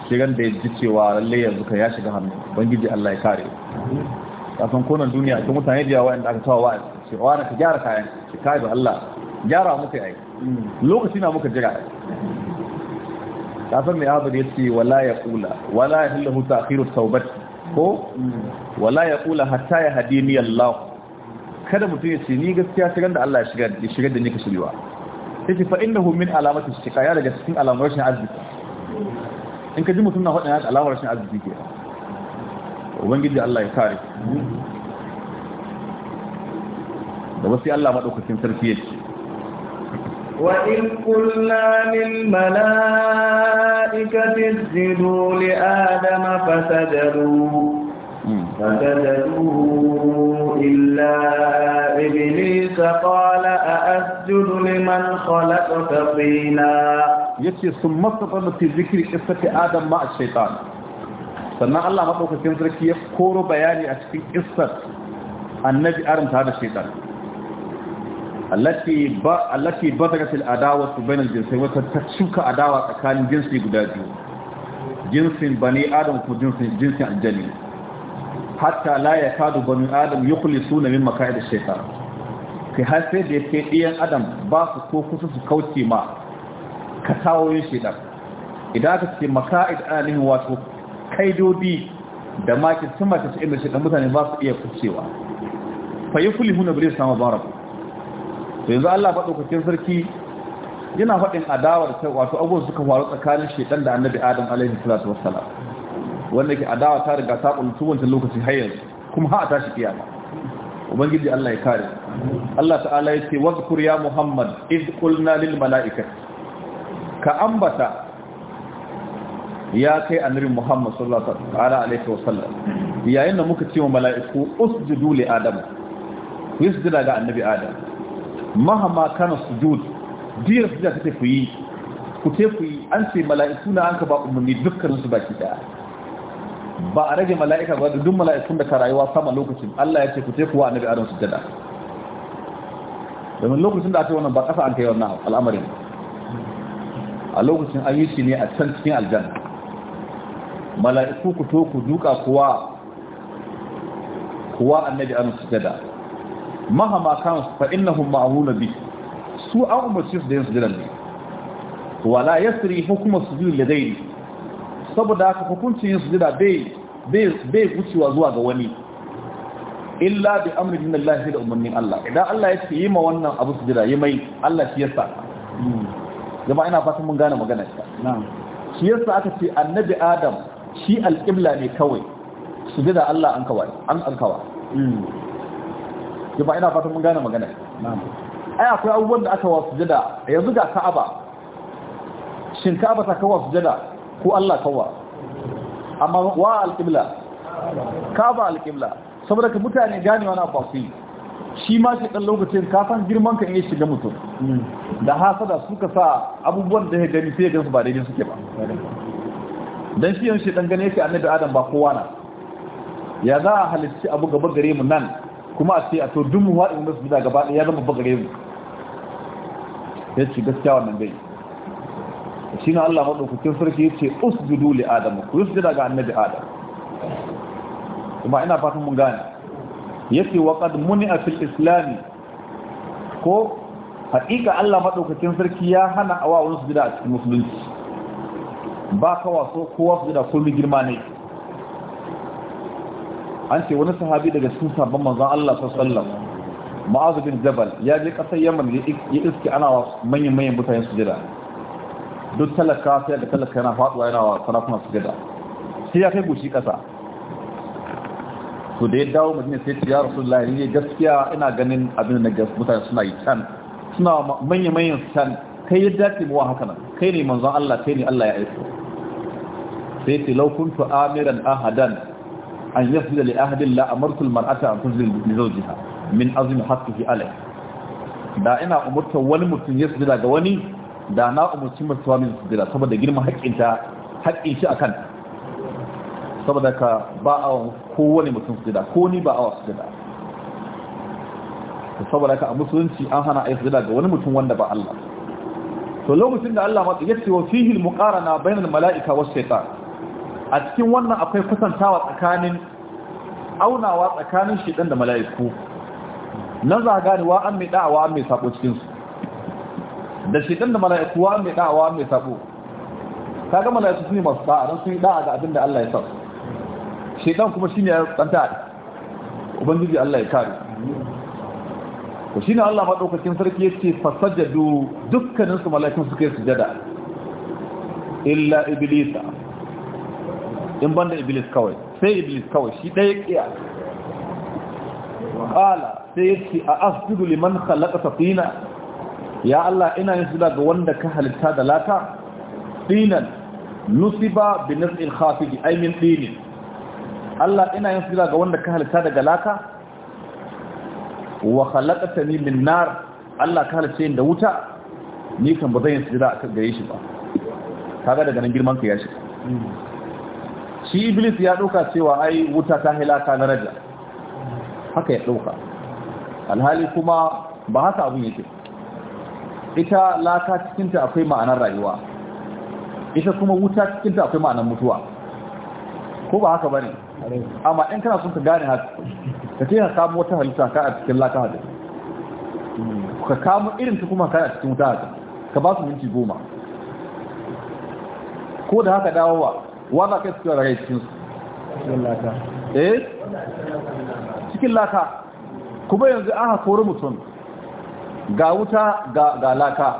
shi gan da ya ji cewa lalle yanzu ka ya shiga hannu bangiji Allah ya kare ka san kona duniya akwai mutane da yawa inda aka tawa wa shi wa na ka gyara kayan shi kai da Allah gyara muka yi lokaci na muka jira ka san me abu da yace wala ya kula wala ya hillahu ta'khiru tawbat ko wala ya kula hatta ya hadini Allah kada mutum ya ce ni gaskiya shigar da Allah ya shigar da ni ka shigewa take fa innahu min alamati shikaya ya daga cikin alamar rashin arziki in ka ji mutum na faɗin alamar rashin arziki ke ubangiji Allah ya kare da wasu Allah madaukakin sarki yake وإذ قلنا للملائكة اسجدوا لآدم فسجدوا فسجدوه إلا إبليس قال أأسجد لمن خلقت طينا يسي ثم استطعنا في ذكر قصة آدم مع الشيطان سنة الله مطلوب في ذلك يذكر بياني أشفي قصة النبي آدم هذا الشيطان التي با التي بدرت العداوة بين الجنسين وتتشوك عداوة كان جنسي قدادي جنس بني آدم وجنس جنس الجنين hatta la ya kadu banu adam suna min makaid da shaytan kai har sai da ya yake ɗiyan adam ba su ko kusa su kauce ma katawoyin shaytan idan aka ce da alin wato kaidodi da maki sun mace cikin shaytan mutane ba su iya kucewa fa yukhlihuna bil sama barak to yanzu Allah ba dokokin sarki yana faɗin adawar ta wato abubuwan suka faru tsakanin shaytan da annabi adam alaihi salatu wassalam wanda ke adawa ta riga ta kuntu wancan lokaci har kuma ha ta shi kiyama ubangiji Allah ya kare Allah ta'ala yace wazkur ya Muhammad id qulna lil mala'ikati ka ambata ya kai annabi Muhammad sallallahu alaihi wasallam yayin da muka ce wa mala'iku usjudu li adam yusjuda ga annabi adam mahama kana sujud dir sujud kake ku yi ku te ku yi an ce mala'iku na an ka ba umarni dukkan su baki daya ba a rage mala'ika ba da duk mala'ikun da ka rayuwa sama lokacin Allah ya ce ku teku wa annabi adam jada domin lokacin da aka yi wannan ba kasa an kai wannan al'amarin a lokacin an yi shi ne a can cikin aljan mala'iku ku to ku duka kuwa kuwa annabi adam jada. mahama kan fa innahum na bi su an umarci su da yin jiran ne wala yasri biyu da daidai saboda haka hukuncin yin sujada bai bai gucewa zuwa ga wani illa bi amri min Allah da umarnin Allah idan Allah ya ce yi ma wannan abu sujada yi mai Allah shi yasa jama'a ina fatan mun gane magana shi na'am shi yasa aka ce annabi Adam shi alqibla ne kawai sujada Allah an kawai an alkawa mm. jama'a ina fatan mun gane magana na'am ai akwai abubuwan da aka wa sujada yanzu ga Ka'aba shin Ka'aba ta kawai sujada ku Allah kawa amma wa alƙibla ka ba alƙibla saboda ka mutane gane wani abu shi ma shi ɗan lokacin kafan girman ka in iya shiga mutum da hasada suka sa abubuwan da ya gani sai ya gansu ba daidai suke ba dan shi yanzu dan gane yake annabi adam ba kowa na ya za a halitta abu gaba gare mu nan kuma a ce a to dun mu waɗin da su gaba ya zama bagare mu ya ce gaskiya wannan dai shi na Allah maɗaukakin sarki ya ce usjudu li adam ku yusjuda ga annabi adam kuma ina fatan mun gane yace wa qad muni'a fil islam ko haƙiƙa Allah maɗaukakin sarki ya hana awa wani sujada a cikin musulunci ba kawa so kowa ko kullum girma ne an ce wani sahabi daga cikin sabon manzon Allah sallallahu ma'azu bin jabal ya je ƙasar yaman ya iske ana manyan manyan mutane jira duk talaka sai da talaka yana faduwa yana wa sarakuna su gada sai ya kai gushi kasa Su da ya dawo madina sai ce ya rasulullahi ne gaskiya ina ganin abin da mutane suna yi can suna manya manyan can kai ya dace muwa haka nan kai ne manzon Allah kai ne Allah ya aiko sai ce law kuntu amiran ahadan an yi su da li ahadin la amartu al mar'ata an tuzil li zawjiha min azumi azmi fi alayh da ina umurtar wani mutum ya sujada ga wani da na umarci martuwa min sujjada saboda girman haƙƙinta haƙƙinci a kan saboda ka ba a kowane mutum su sujjada ko ni ba a wa da saboda ka a musulunci an hana a yi su sujjada ga wani mutum wanda ba Allah to lokacin da Allah ya yake wa fihil al na bainal mala'ika wasu shaita a cikin wannan akwai kusantawa tsakanin aunawa tsakanin shiɗan da mala'iku nan za wa an mai ɗawa an mai sako cikinsu da dan da mala'iku wa mai da'awa mai sabo kaga mala'iku sun yi masu da'a don sun yi da'a ga abin da Allah ya sa dan kuma shine ya tsanta ubangiji Allah ya kare ko shine Allah dokokin sarki yace fasajadu dukkanin su mala'ikun suka yi sujada illa iblis in banda iblis kawai sai iblis kawai shi daya kiya qala sai yace a asjudu liman khalaqa safina ya Allah ina yin sujada ga wanda ka halitta da lata dinan nusiba bi nas'il khafidi ay min dini. Allah ina yin sujada ga wanda ka halitta daga lata wa khalaqtani min nar Allah ka halice ni da wuta ni kan ba zan yin sujada akan gare shi ba kaga daga nan girman ka ya shiga shi iblis ya doka cewa ai wuta ta halaka na raja haka ya doka alhali kuma ba haka abun yake ba ita laka cikinta akwai ma'anar rayuwa ita kuma wuta cikinta akwai ma'anar mutuwa ko ba haka bane amma in kana son ka gane haka ka ce ka samu wata halitta ka a cikin laka haka ka samu irin ta kuma ka a cikin wuta haka ka ba su minti goma ko da haka dawowa wanda ka cikin ragai cikin cikin laka eh cikin laka kuma yanzu aka kori mutum ga wuta ga laka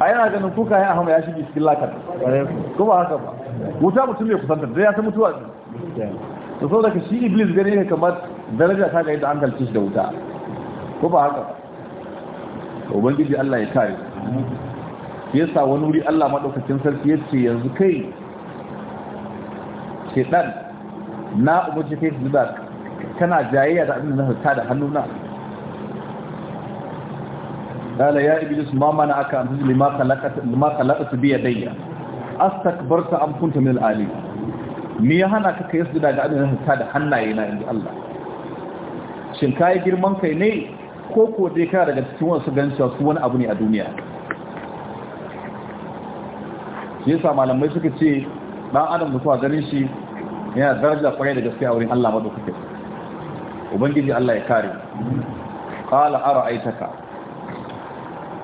a yana ganin kuka ya hama ya shi cikin lakar kuma haka ba wuta mutum ne kusantar da ya ta mutuwa ne da sau daga shi iblis gani ne kamar daraja ta ga yadda an halce shi da wuta ko ba haka ba ubangiji allah ya kare ya sa wani wuri allah maɗaukacin sarki ya ce yanzu kai ɗan. na umarci ta yi zuba tana jayayya da abin da ta da hannuna dala ya ibilis ma mana aka amfani an lima ka latsa su biya dayya astak bar ta amfunta mil ali Ni ya hana ka kai zuba ga abin da ta da hannaye na inda allah shin ka yi girman kai ne ko ko dai ka daga cikin wasu gancewa su wani abu ne a duniya yasa malamai suka ce ɗan adam mutuwa ganin shi yana daraja kwarai da gaske a wurin Allah madaukakin ubangiji Allah ya kare qala ara'aytaka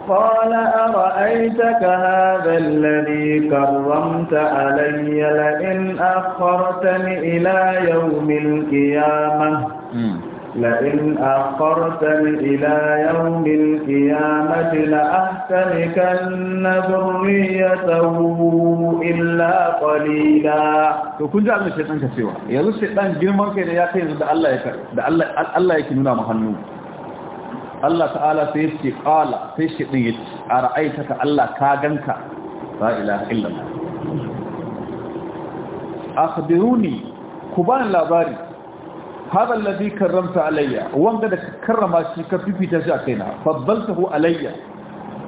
قال أرأيتك هذا الذي كرمت علي لئن أخرتني إلى يوم القيامة لئن أخرتني إلى يوم القيامة لأهتلكن ذريته إلا قليلا to kun ji abin shaitan ka cewa yanzu shaitan girman kai da ya kai yanzu da Allah ya da nuna mu hannu Allah ta'ala sai yake qala sai shaitan yace a ra'aitaka Allah ka ganka ku bani labari هذا الذي كرمت علي وانت كرم شي كفيفي تاشا كينا فضلته علي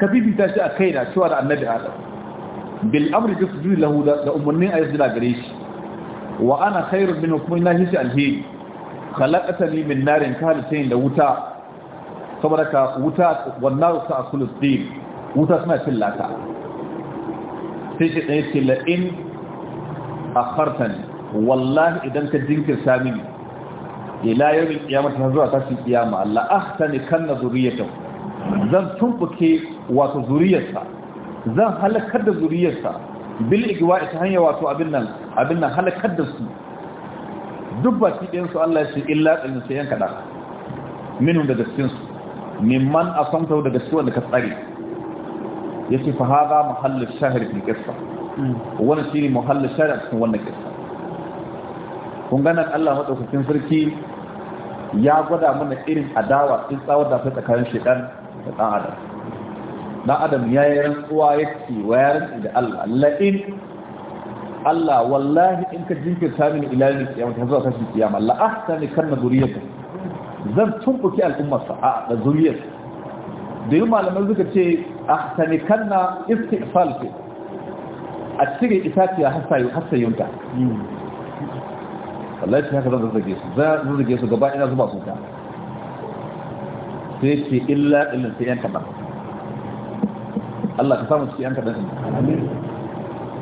كفيفي تاشا كينا شو هذا النبي آدم بالأمر تسجد له لأمني أيضا قريش وأنا خير من حكمنا هيش الهي خلقتني من نار كالتين لوتا saboda wuta wannan sa asulus din wuta suna cillata sai shi ɗaya ce la'in a fartan wallahi idan ka jinkirta mini ila yawmin qiyamah ta zuwa tashin kiyama Allah ahtani kanna zuriyatahu zan tumbuke wato zuriyarsa zan halakar da zuriyarsa bil igwa ta hanya wato abin nan abin nan halakar da su duk ba ci ɗayan su Allah ce illa ɗin sai yan kaɗa minun daga cikin su mimman a samta daga cikin wanda ka tsare ya ce fa haɗa muhallin shahar fi ƙasa wani shi ne muhallin shahar cikin wannan ƙasa kun ganar Allah maɗaukakin sarki ya gwada mana irin adawa in tsawar da ta kayan shedan da ɗan adam ɗan adam ya yi rantsuwa ya ce wa ya rantsu da Allah la'in Allah wallahi in ka jinkirta mini ilayen kiyama ta zuwa kashin kiyama la'ahta ne kan na zuriyarka zan tumɓuki al'ummarsa a da zuriyarsa da yi malamai suka ce a ahsani kan na istifal a cire itaciya hasayunta wallahi haka zan zazzage su za zazzage su gaba ina zuba su ta sai ce illa ɗin sai yan kaɗan Allah ka samu cikin yan kaɗan ɗin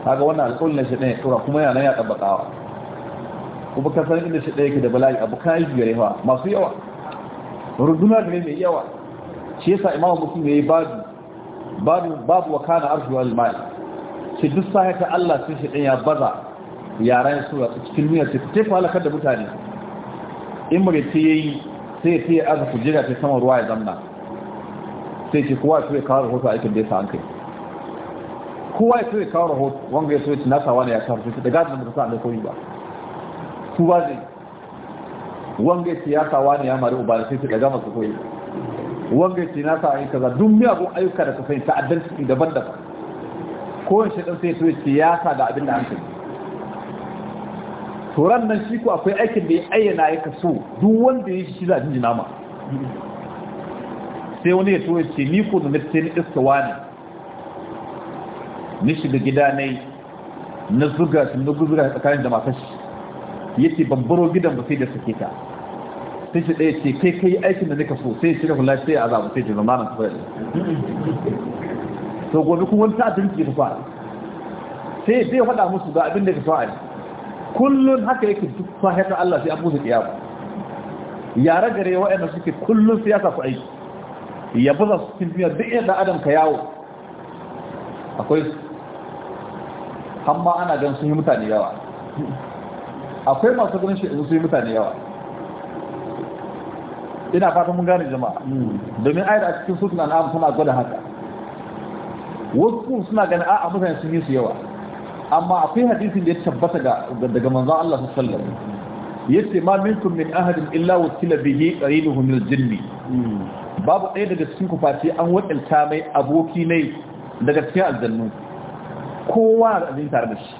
kaga wannan alƙawli na shaɗan ya tura kuma yana ya ɗabbaƙawa kuma ka san inda shaɗan yake da bala'i abu yi biyar yawa masu yawa runduna ne mai yawa shi yasa imamu musulun ya yi babu babu babu wa kana arshu al-mai shi duk sahata Allah sai shaɗan ya baza yaran su a cikin miyar ce ta tefa halakar da mutane in mure ta yi sai ta yi aza kujera ta saman ruwa ya zamna sai ce kowa ya so ya kawo rahoto a aikin da ya sa an kai kowa ya so ya kawo rahoto wanga ya so ya ci nasa wani ya sa rahoto da gadon da ba sa an ba su ba zai wanga ya ce ya sa wani ya mari uba sai ta daga masu koyi wanga ya ce nasa a yi kaza duk miyagun ayyuka da ta fahimta sani ta'addanci daban-daban kowace ɗan sai so ya ce ya sa da abin da an kai turan nan shi ko akwai aikin da ya ayyana ya kaso duk wanda ya shi za a jinjina ma sai wani ya tura ce ni ko da nufce ni iska wani ni shiga gida ne na zuga shi na a tsakanin da matar shi ya ce babbaro gidan ba sai da suke ta sai shi ɗaya ce kai kai aikin da nika so sai shiga kula sai a zaɓa sai jirama na tafiya to gobe kuma wani ta adinci ta sai ya faɗa musu ga abin da ka fa'a kullun haka yake duk fahimtar Allah sai an musu kiyama ya gare waɗanda suke kullun siyasa su aiki ya buza su cikin duniya duk yadda adam ka yawo akwai su amma ana gan sun yi mutane yawa akwai masu ganin shi sun yi mutane yawa ina fata mun gane jama'a domin ayar a cikin sutun an'am suna gwada haka wasu suna ganin a'a mutane sun yi su yawa amma akwai hadisin da ya tabbata daga manzon Allah sallallahu alaihi wasallam yace ma minkum min ahadin illa wasila bihi qaribuhu min al-jinni hmm. babu ɗaya daga cikin ku face an wakilta mai aboki ne daga cikin aljannu kowa da abin tare da shi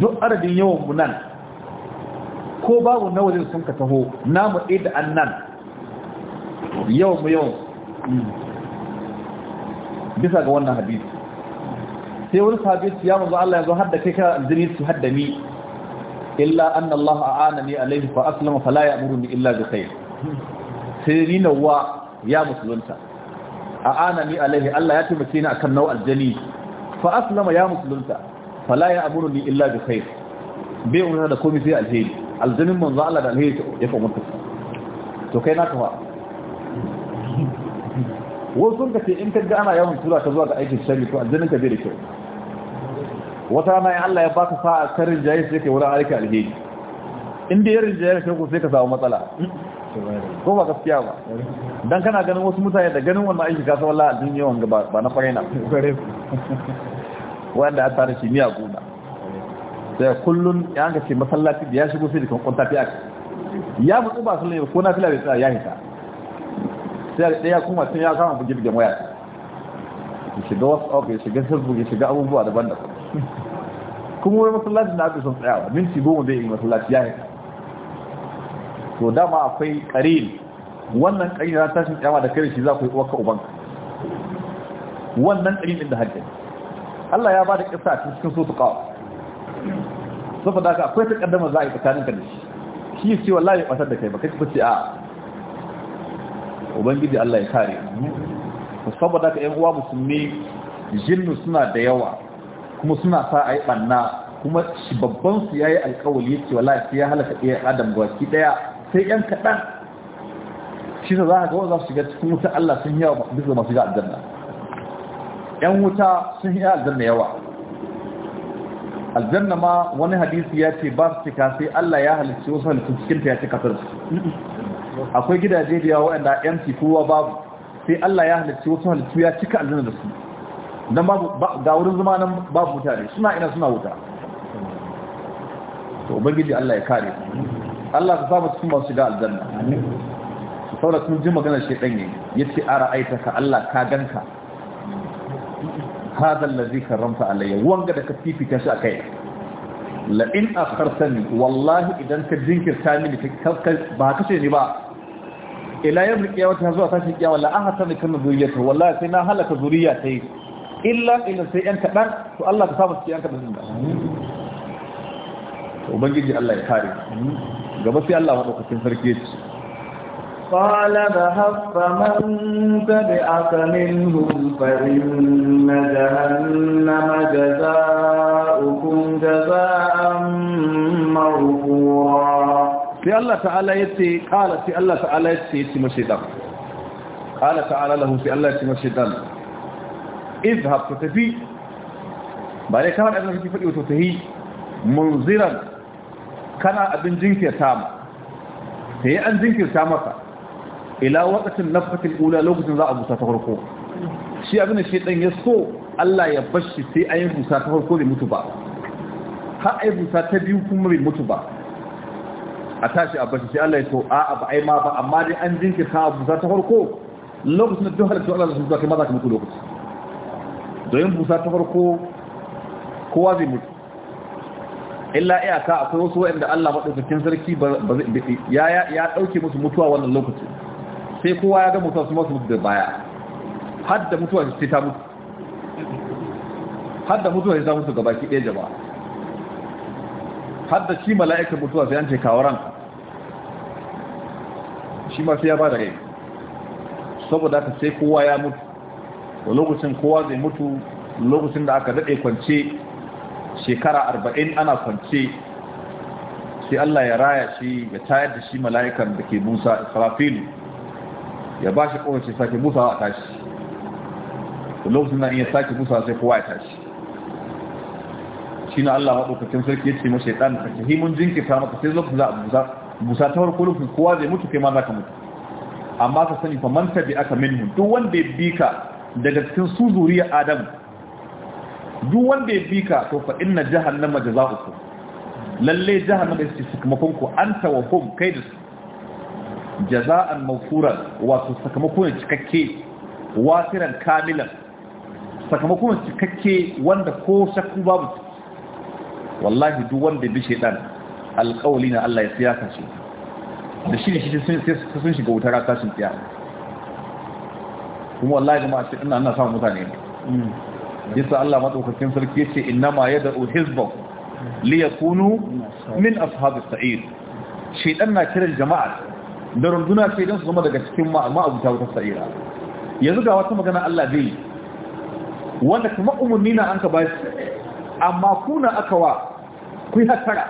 duk adadin yawan mu nan ko babu na wajen sun ka taho namu ɗaya da an nan yawan mu yawan hmm. bisa ga wannan hadisi sai wani su ya manzo Allah yanzu har da kai ka aljini su hadda ni illa anna Allah a'anani alaihi fa aslama fala ya'muruni illa bi khair sai ni nawa ya musulunta a'anani alaihi Allah ya taimake ni akan nau aljani. fa aslama ya musulunta fala ya'muruni illa bi khair bai umurta da komai sai alheri aljinin manzo Allah da alheri ya fa mutunta to kai na kafa wasu sun ka ce in ka ga ana yawan tura ka zuwa ga aikin shari'a to aljinin ka bai da kyau wata na yin Allah ya baka sa'a karin jayi sai kai wurin aika alheri inda ya rinjaye ka ko sai ka samu matsala ko ba gaskiya ba dan kana ganin wasu mutane da ganin wannan aiki ka san wallahi addini yawan ga ba na farena wanda ya tare shi miya guda sai kullun ya ga ce masallaci da ya shigo sai da kwanta fi aka ya mutu ba ne ko na fila bai ya hita sai da ya kuma tun ya kama bugi waya ya shiga whatsapp ya shiga facebook ya shiga abubuwa daban-daban kuma wani masallaci na abin son tsayawa minti goma zai yi masallaci ya yi to dama akwai ƙaril wannan ƙaril na tashin tsayawa da kare shi za ku yi uwaka uban wannan ƙaril inda da hajji Allah ya ba da ƙasa ta cikin sosu kawo Sofa da haka akwai ta kaddama za a yi tsakanin ka da shi shi ce wallahi ɓatar da kai ba kai ba ce a ubangiji Allah ya kare saboda ka ƴan uwa musulmi jinnu suna da yawa kuma suna sa a yi ɓanna kuma babban su ya yi alkawali ya ce wala ya halaka ɗaya adam baki ɗaya sai ƴan kaɗan shi za a gawa za su shiga cikin wuta Allah sun yawa duk da masu ga aljanna ƴan wuta sun yi aljanna yawa aljanna ma wani hadisi ya ce ba su cika sai Allah ya halicci wasu halittun cikin ta ya cika sun akwai gidaje da yawa waɗanda ƴan kowa babu sai Allah ya halicci wasu halittu ya cika aljanna da su dan babu ga wurin zama nan babu mutane suna ina suna wuta to ubangiji Allah ya kare Allah ka saba cikin masu shiga aljanna Su saboda sun ji magana shi dan yayi a ra'aita ka Allah ka ganka hada allazi karamta alayya wanga da ka fifita shi a akai la in akhartani wallahi idan ka jinkirta mini ba ka ce ni ba ila yawm al-qiyamah zuwa tashin kiyama la ahsanu kana zuriyata wallahi sai na halaka zuriya ta yi. illa illa sai yan kaɗan to Allah ka samu su yan kaɗan amin da ubangiji Allah ya kare gaba sai Allah sarki ce قال ذهب فمن تبعك منهم فإن جهنم جزاؤكم جزاء مرفورا في الله تعالى يتي قال في الله تعالى يتي يتي مشيطان قال تعالى له في الله يتي izhab ta tafi ba dai kamar ɗan kake faɗi wato ta yi munziran kana abin jinkirta ma ta yi an jinkirta masa ila wakatin nafsatin ula lokacin za a busa ta farko shi abin da shi ɗan ya so Allah ya bashi sai a yi busa ta farko bai mutu ba har a yi busa ta biyu kuma bai mutu ba a tashi a bashi sai Allah ya so a'a ba ai ma ba amma dai an jinkirta a busa ta farko lokacin da duk halittu Allah zai zuwa kai ma za ka mutu lokacin domin busa ta farko kowa zai mutu illa iyaka akwai wasu waɗanda Allah maɗaukacin sarki ya ɗauke musu mutuwa wannan lokacin sai kowa ya ga mutuwa su masu mutu da baya har da mutuwa sai ta mutu har da mutuwa sai ta mutu gaba baki ɗaya jama'a har da shi mala'ikan mutuwa sai an ce kawo ranka shi ma sai ya ba da rai saboda ka sai kowa ya mutu da lokacin kowa zai mutu lokacin da aka daɗe kwance shekara arba'in ana kwance sai Allah ya raya shi ya tayar da shi mala'ikan da ke musa israfilu ya ba shi kowace sake musa a tashi da lokacin da iya sake musa sai kowa ya tashi shi na Allah maɗaukacin sarki ya ce mashi ya ɗan sarki himun jinkirta maka sai lokacin za a musa ta farko lokacin kowa zai mutu kai ma za ka mutu amma ka sani fa man tabi aka minhum duk wanda ya bi ka daga cikin su zuriya adam duk wanda ya bi ka to fa inna jahannama jazaa'uku lalle jahannama ce sakamakon ku anta wa hum kai da su jaza'an mawfuran wato sakamakon cikakke wasiran kamilan sakamakon cikakke wanda ko shakku babu wallahi duk wanda bi shedan alƙawli na Allah ya siyasa shi da shi ne shi sun shiga wutar tashin tsiyasa kuma wallahi kuma a cikin ana samun mutane ne mm. bisa Allah madaukakin sarki ce ya innama yad'u hizbahu Kunu min ashabis sa'ir shedan na kiran jama'a da runduna ce dan su zama daga cikin ma'abuta wata sa'ira yanzu ga wata magana Allah zai wanda kuma umurni na an ka ba shi amma kuna aka wa ku yi hasara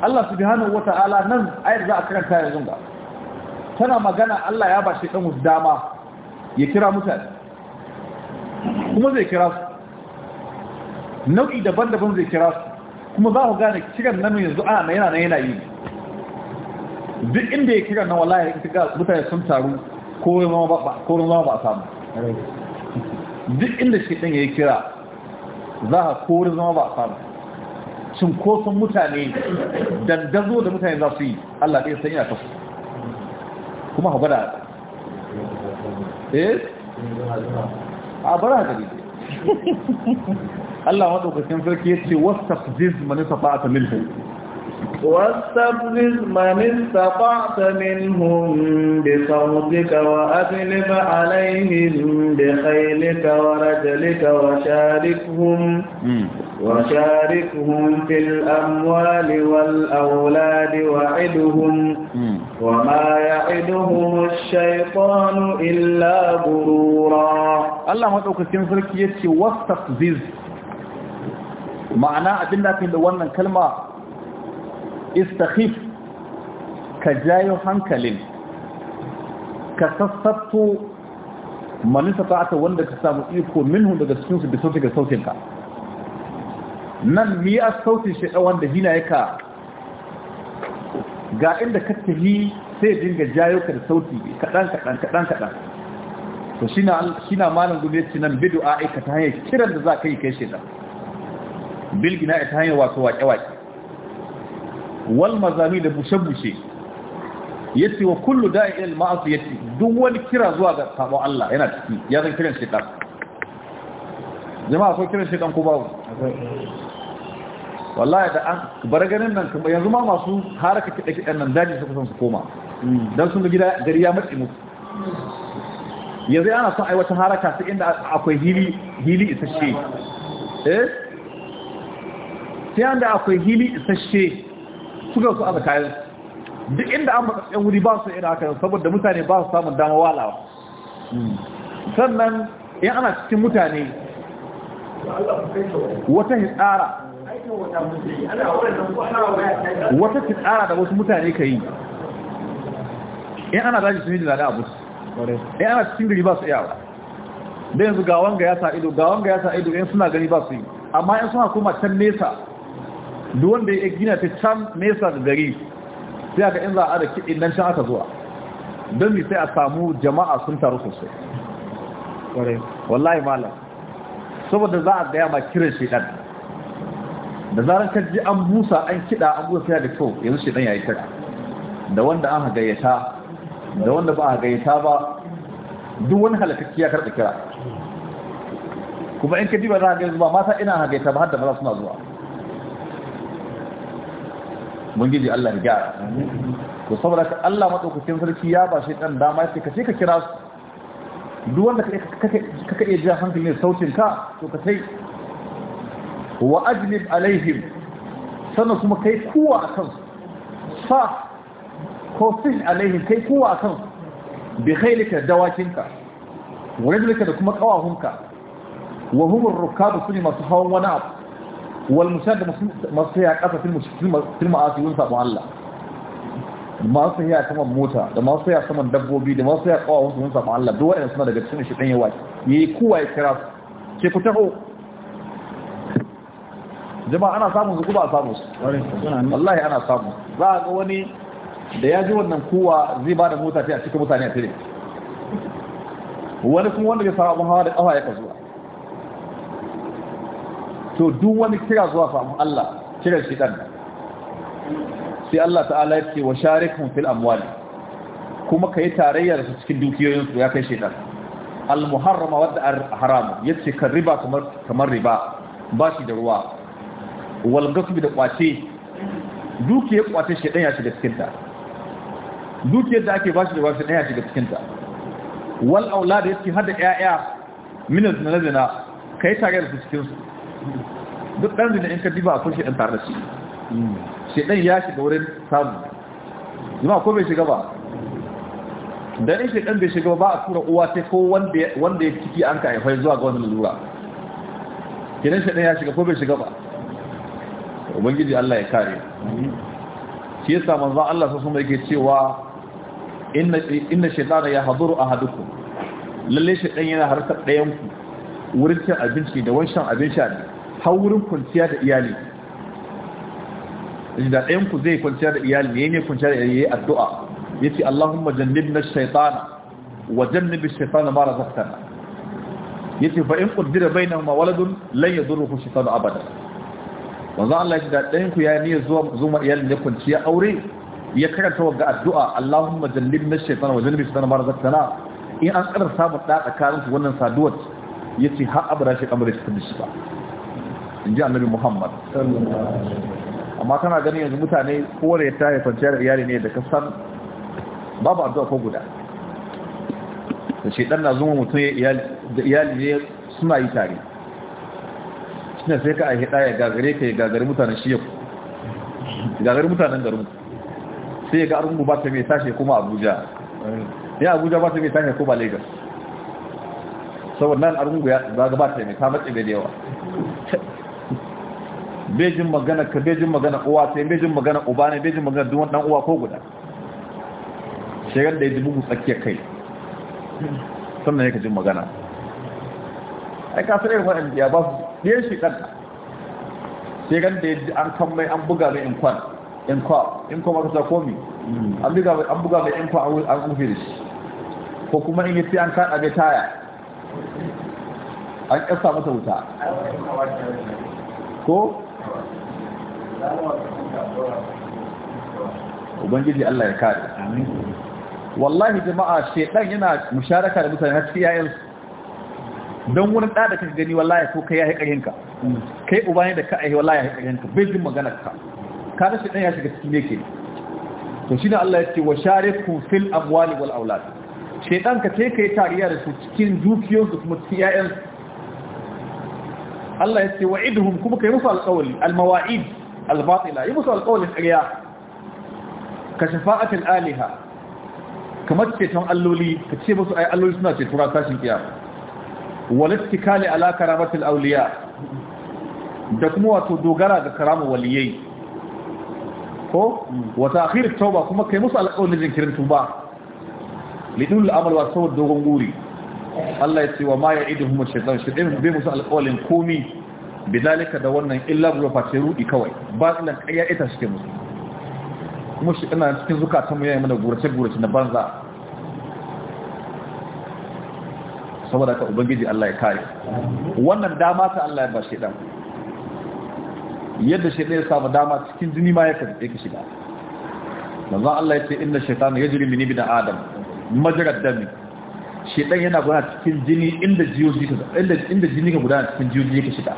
Allah subhanahu wata'ala nan ayar za a karanta yanzu ga tana magana Allah ya ba shi ɗan dama ya kira mutane kuma zai kira su nau'i daban-daban zai kira su kuma za ku gane kiran nan yanzu ana na yana na yana yi duk inda ya kira na wallahi in ga mutane sun taru ko zama ba a samu duk inda shi ɗan ya yi kira za a kori zama ba a samu cinkoson mutane dandazo da mutane za su yi Allah ɗaya san yana kasu kuma ku gwada eh a bara haka dai Allah madaukakin sarki yace من man istafa'ata minhum واستفزز من استطعت منهم بصوتك وأغلب عليهم بخيلك ورجلك وشاركهم وشاركهم في الأموال والأولاد وعدهم وما يعدهم الشيطان إلا غرورا الله مدعوك سيمسلك يتي واستقزز معنى أدلنا في دوانا الكلمة استخف كجاي حنكل كسفت من استطاعت وانا كسام إيكو منه لغسكينس بصوتك صوتك نن مئة صوت الشيطان دهينا يكا ga inda ka tafi sai dinga jayo ka da sauti kaɗan kaɗan kaɗan kaɗan to shi na Malam gobe gwamnati nan bidu'a aika ta hanyar kiran da za ka yi kai shaidan bilgina ta hanyar wato waƙe-waƙe wal mazami da bushe-bushe wa kullu da'il ma'asiyati duk wani kira zuwa ga sabon Allah yana ciki ya zan kiran shi da jama'a ko kiran shi dan ko bawo wallahi da an bar ganin nan kuma yanzu ma masu haraka kiɗe kiɗen nan daji suka san su koma dan sun gida gari ya matsi musu yanzu ana son wata haraka sai inda akwai hili hili isasshe eh sai inda akwai hili isasshe suka su aka kai duk inda an matsa matsatsen wuri ba su ina haka saboda mutane ba su samun dama walawa sannan in ana cikin mutane wata hitsara wata ki tsara da wasu mutane ka yi in ana daji sun yi da lada abu in ana cikin gari ba su ba, don yanzu ga wanga ya sa ido ga wanga ya sa ido in suna gani ba su yi amma in suna kuma can nesa duk wanda ya gina ta can nesa da gari sai aka in za'a da kiɗin nan can aka zuwa don mi sai a samu jama'a sun taru sosai wallahi malam saboda za a gaya ma kiran shi ɗan da zarar ka ji an busa an kiɗa an busa fiya da kyau yanzu shi ɗan ya yi da wanda an gayyata da wanda ba a gayyata ba duk wani halakakki ya karɓi kira kuma in ka ji ba za a gayyata ba mata ina gayyata ba har da maza suna zuwa mun gidi Allah ya gyara ko saboda ka Allah madaukakin sarki ya ba shi dan dama sai ka ce ka kira su duk wanda ka ka iya jira hankali ne sautin ka to ka sai wa ajlib alaihim sannan kuma kai kuwa akan sa ko sin alaihim kai kuwa a kansu bi khailika dawakinka wa rajulika da kuma kawahunka wa humur rukabu sune masu hawan wani abu wal da masu ya kasa fil mushkil fil ma'asi wa sabu Allah masu ya saman mota da masu ya saman dabbobi da masu ya kawahunka wa sabu Allah duk wa'annan suna daga cikin shi dan yawa yayi kuwa ya kira ce ku taho jama'a ana samun su kuma a samu su wallahi ana samu za a ga wani da ya ji wannan kowa zai ba da mota a cikin mutane a tire wani kuma wanda ya samu abin hawa da kafa ya kasuwa zuwa to duk wani kira zuwa samun Allah kira shi dan sai Allah ta'ala ya ce wa sharikhum fil amwali kuma kai tarayya da su cikin dukiyoyin su ya kai shedan al muharrama wadda haramu yace kan riba kamar kamar riba bashi da ruwa wal bi da kwace dukiyar kwace shedan ya shiga cikin ta dukiyar da ake bashi da bashi ɗaya ya shiga cikin ta wal da yake hada yaya min az-zina kai tare da su cikin su duk dan da in ka diba akwai dan tare da shi shi dan ya shiga wurin samu jama'a ko bai shiga ba dan shi dan bai shiga ba a tura uwa sai ko wanda wanda ya ciki an ka haifa zuwa ga wannan lura shi dan ya shiga ko bai shiga ba ubangiji Allah ya kare shi yasa manzo Allah sai kuma yake cewa inna inna shaytana yahduru ahadukum lalle shaytan yana harkar dayan ku wurin cin abinci da wancan abin sha ne har wurin kwanciya da iyali da ɗayan ku zai kwanciya da iyali ne ne kwanciya da iyali addu'a yace Allahumma jannibna ash-shaytana wa jannib ash-shaytana ma razaqtana yace fa in qaddara bainahuma waladun lan yadurruhu ash-shaytanu abada wanzan Allah ya da ɗayan ku ya niyyar zuwa zuma iyalin ne kwanci ya aure ya karanta wa ga addu'a Allahumma jallib na shaitan wa jallib shaitan mara zaktana in an karar samun ɗa tsakanin su wannan saduwar ya ce har abada shi kamar shi shi ba in ji annabi Muhammad amma kana ganin yanzu mutane kowane ya tashi kwanciyar iyali ne da kasan babu addu'a ko guda da shaitan na zuma mutum da iyali ne suna yi tare na sai ka a hida ya gagare ka ya gagare mutanen shi ya gagare mutanen garin sai ya ga arungu ba ta mai tashi kuma abuja ya abuja ba ta mai tashi kuma lagos sau nan arungu ya zaga ba ta mai ta matse da yawa bejin magana ka bejin magana uwa sai bejin magana uba ne bejin magana duwan dan uwa ko guda shigar da ya ji bugu tsakiyar kai sannan ya ka jin magana ai ka san irin wannan biya ba su biyan shi kanta sai kan da an kan mai an buga mai in inkwa in kwa in kuma komi an buga mai an buga mai in kwa an rufe shi ko kuma in yi sai an kada mai taya an kasa masa wuta ko ubangiji Allah ya kare wallahi jama'a shedan yana musharaka da mutane har sai yayin don wurin ɗa da kake gani wallahi ko kai ya haƙarin ka kai uba ne da ka aihe wallahi ya haƙa ka bai jin maganar ka ka rashin ɗan ya shiga cikin ne ke to shi ne Allah ya ce wa share shariku fil amwali wal aulad shaytan ka sai kai tariya da su cikin dukiyoyin su kuma cikin ƴaƴan Allah ya ce wa idhum kuma kai musu alƙawli al mawa'id al batila yi musu alƙawlin ƙarya ka shafa'atul aliha kamar ceton alloli ka ce musu ai alloli suna cetura tashin kiyama walittikali ala karamatul auliya da kuma wato dogara ga karamu waliyai ko wa ta'khir tauba kuma kai musu alƙawarin jinkirin tuba lidul amal wa sawad dogon guri Allah ya ce wa ma ya'iduhum shaytan shaytan bai musu alƙawarin komi bidalika da wannan illa bu face rudi kawai ba kai ya ita shike musu kuma shi ina cikin zukatan mu yayin mana gurace gurace na banza saboda ka ubangiji Allah ya kare wannan dama ta Allah ya ba dan yadda shedan ya samu dama cikin jini ma ya karbe ka shiga manzo Allah ya ce inna shaytana yajri min ibn adam majrad dami shedan yana gona cikin jini inda jiyoyi ka inda inda jini ka gudana cikin jiyoyi ka shiga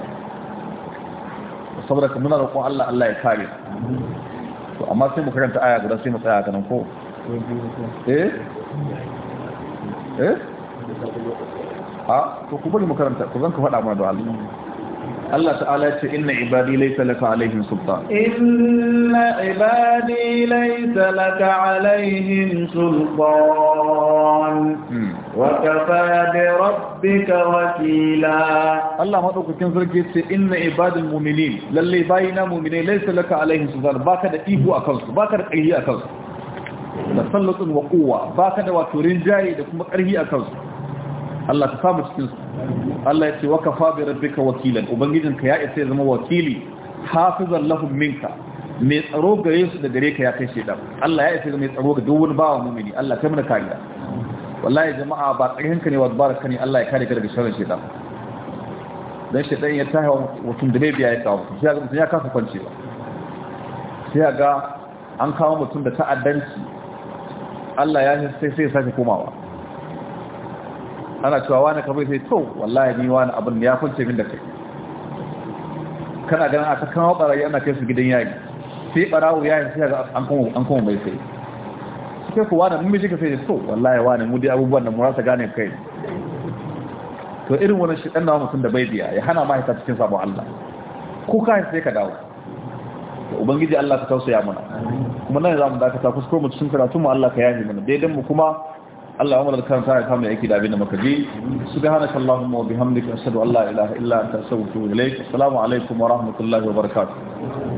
saboda ka muna roƙon Allah Allah ya kare to amma sai mu karanta aya guda sai mu tsaya kanan ko eh eh a to ku bari mu ku zan ka faɗa mana da Allah ta'ala ya ce inna ibadi laysa laka alaihim sultan inna ibadi laysa laka alaihim sultan hmm. wa kafa bi rabbika wakila Allah ma madaukakin sarki ce inna ibadul mu'minin lalle bayina mu'minai laysa laka alaihim sultan baka da iko akan su baka da ƙarfi akan su da sallatun wa quwwa baka da wato rinjaye da kuma ƙarfi akan su Allah ka samu cikin su Allah ya ce wa kafa bi rabbika wakilan ubangijin ka ya isa zama wakili hafizan lahum minka mai tsaro gare su da gare ka ya kai shedan Allah ya isa mai tsaro ga duk wani bawa mumini Allah ta mana kariya wallahi jama'a ba tsarihin ka ne wa baraka ne Allah ya kare ka daga sharrin shedan dan shedan ya tahi mutum da bai biya ya kawo shi ga mutum ya kasa kwancewa sai ga an kawo mutum da ta'addanci Allah ya sai sai sake komawa ana cewa wani kamar sai to wallahi ni wani abin ya kunce min da kai kana ganin aka kama barayi ana kai su gidan yayi sai barawo yayi sai ga an kuma an kuma bai sai sai kuwa da mun miji ka sai to wallahi wani mu dai abubuwan da mu rasa gane kai to irin wannan shi dan nawa mutum da bai biya ya hana ma hita cikin sabon Allah ko ka sai ka dawo ubangiji Allah ka tausaya mana kuma nan za mu dakata kuskure mu cikin karatu mu Allah ka yaji mana daidan mu kuma Allah umar da kan sa ya kama yake da abin da muka ji subhanaka allahumma wa bihamdika ashhadu an la ilaha illa anta astaghfiruka wa atubu ilaik assalamu alaikum wa rahmatullahi wa barakatuh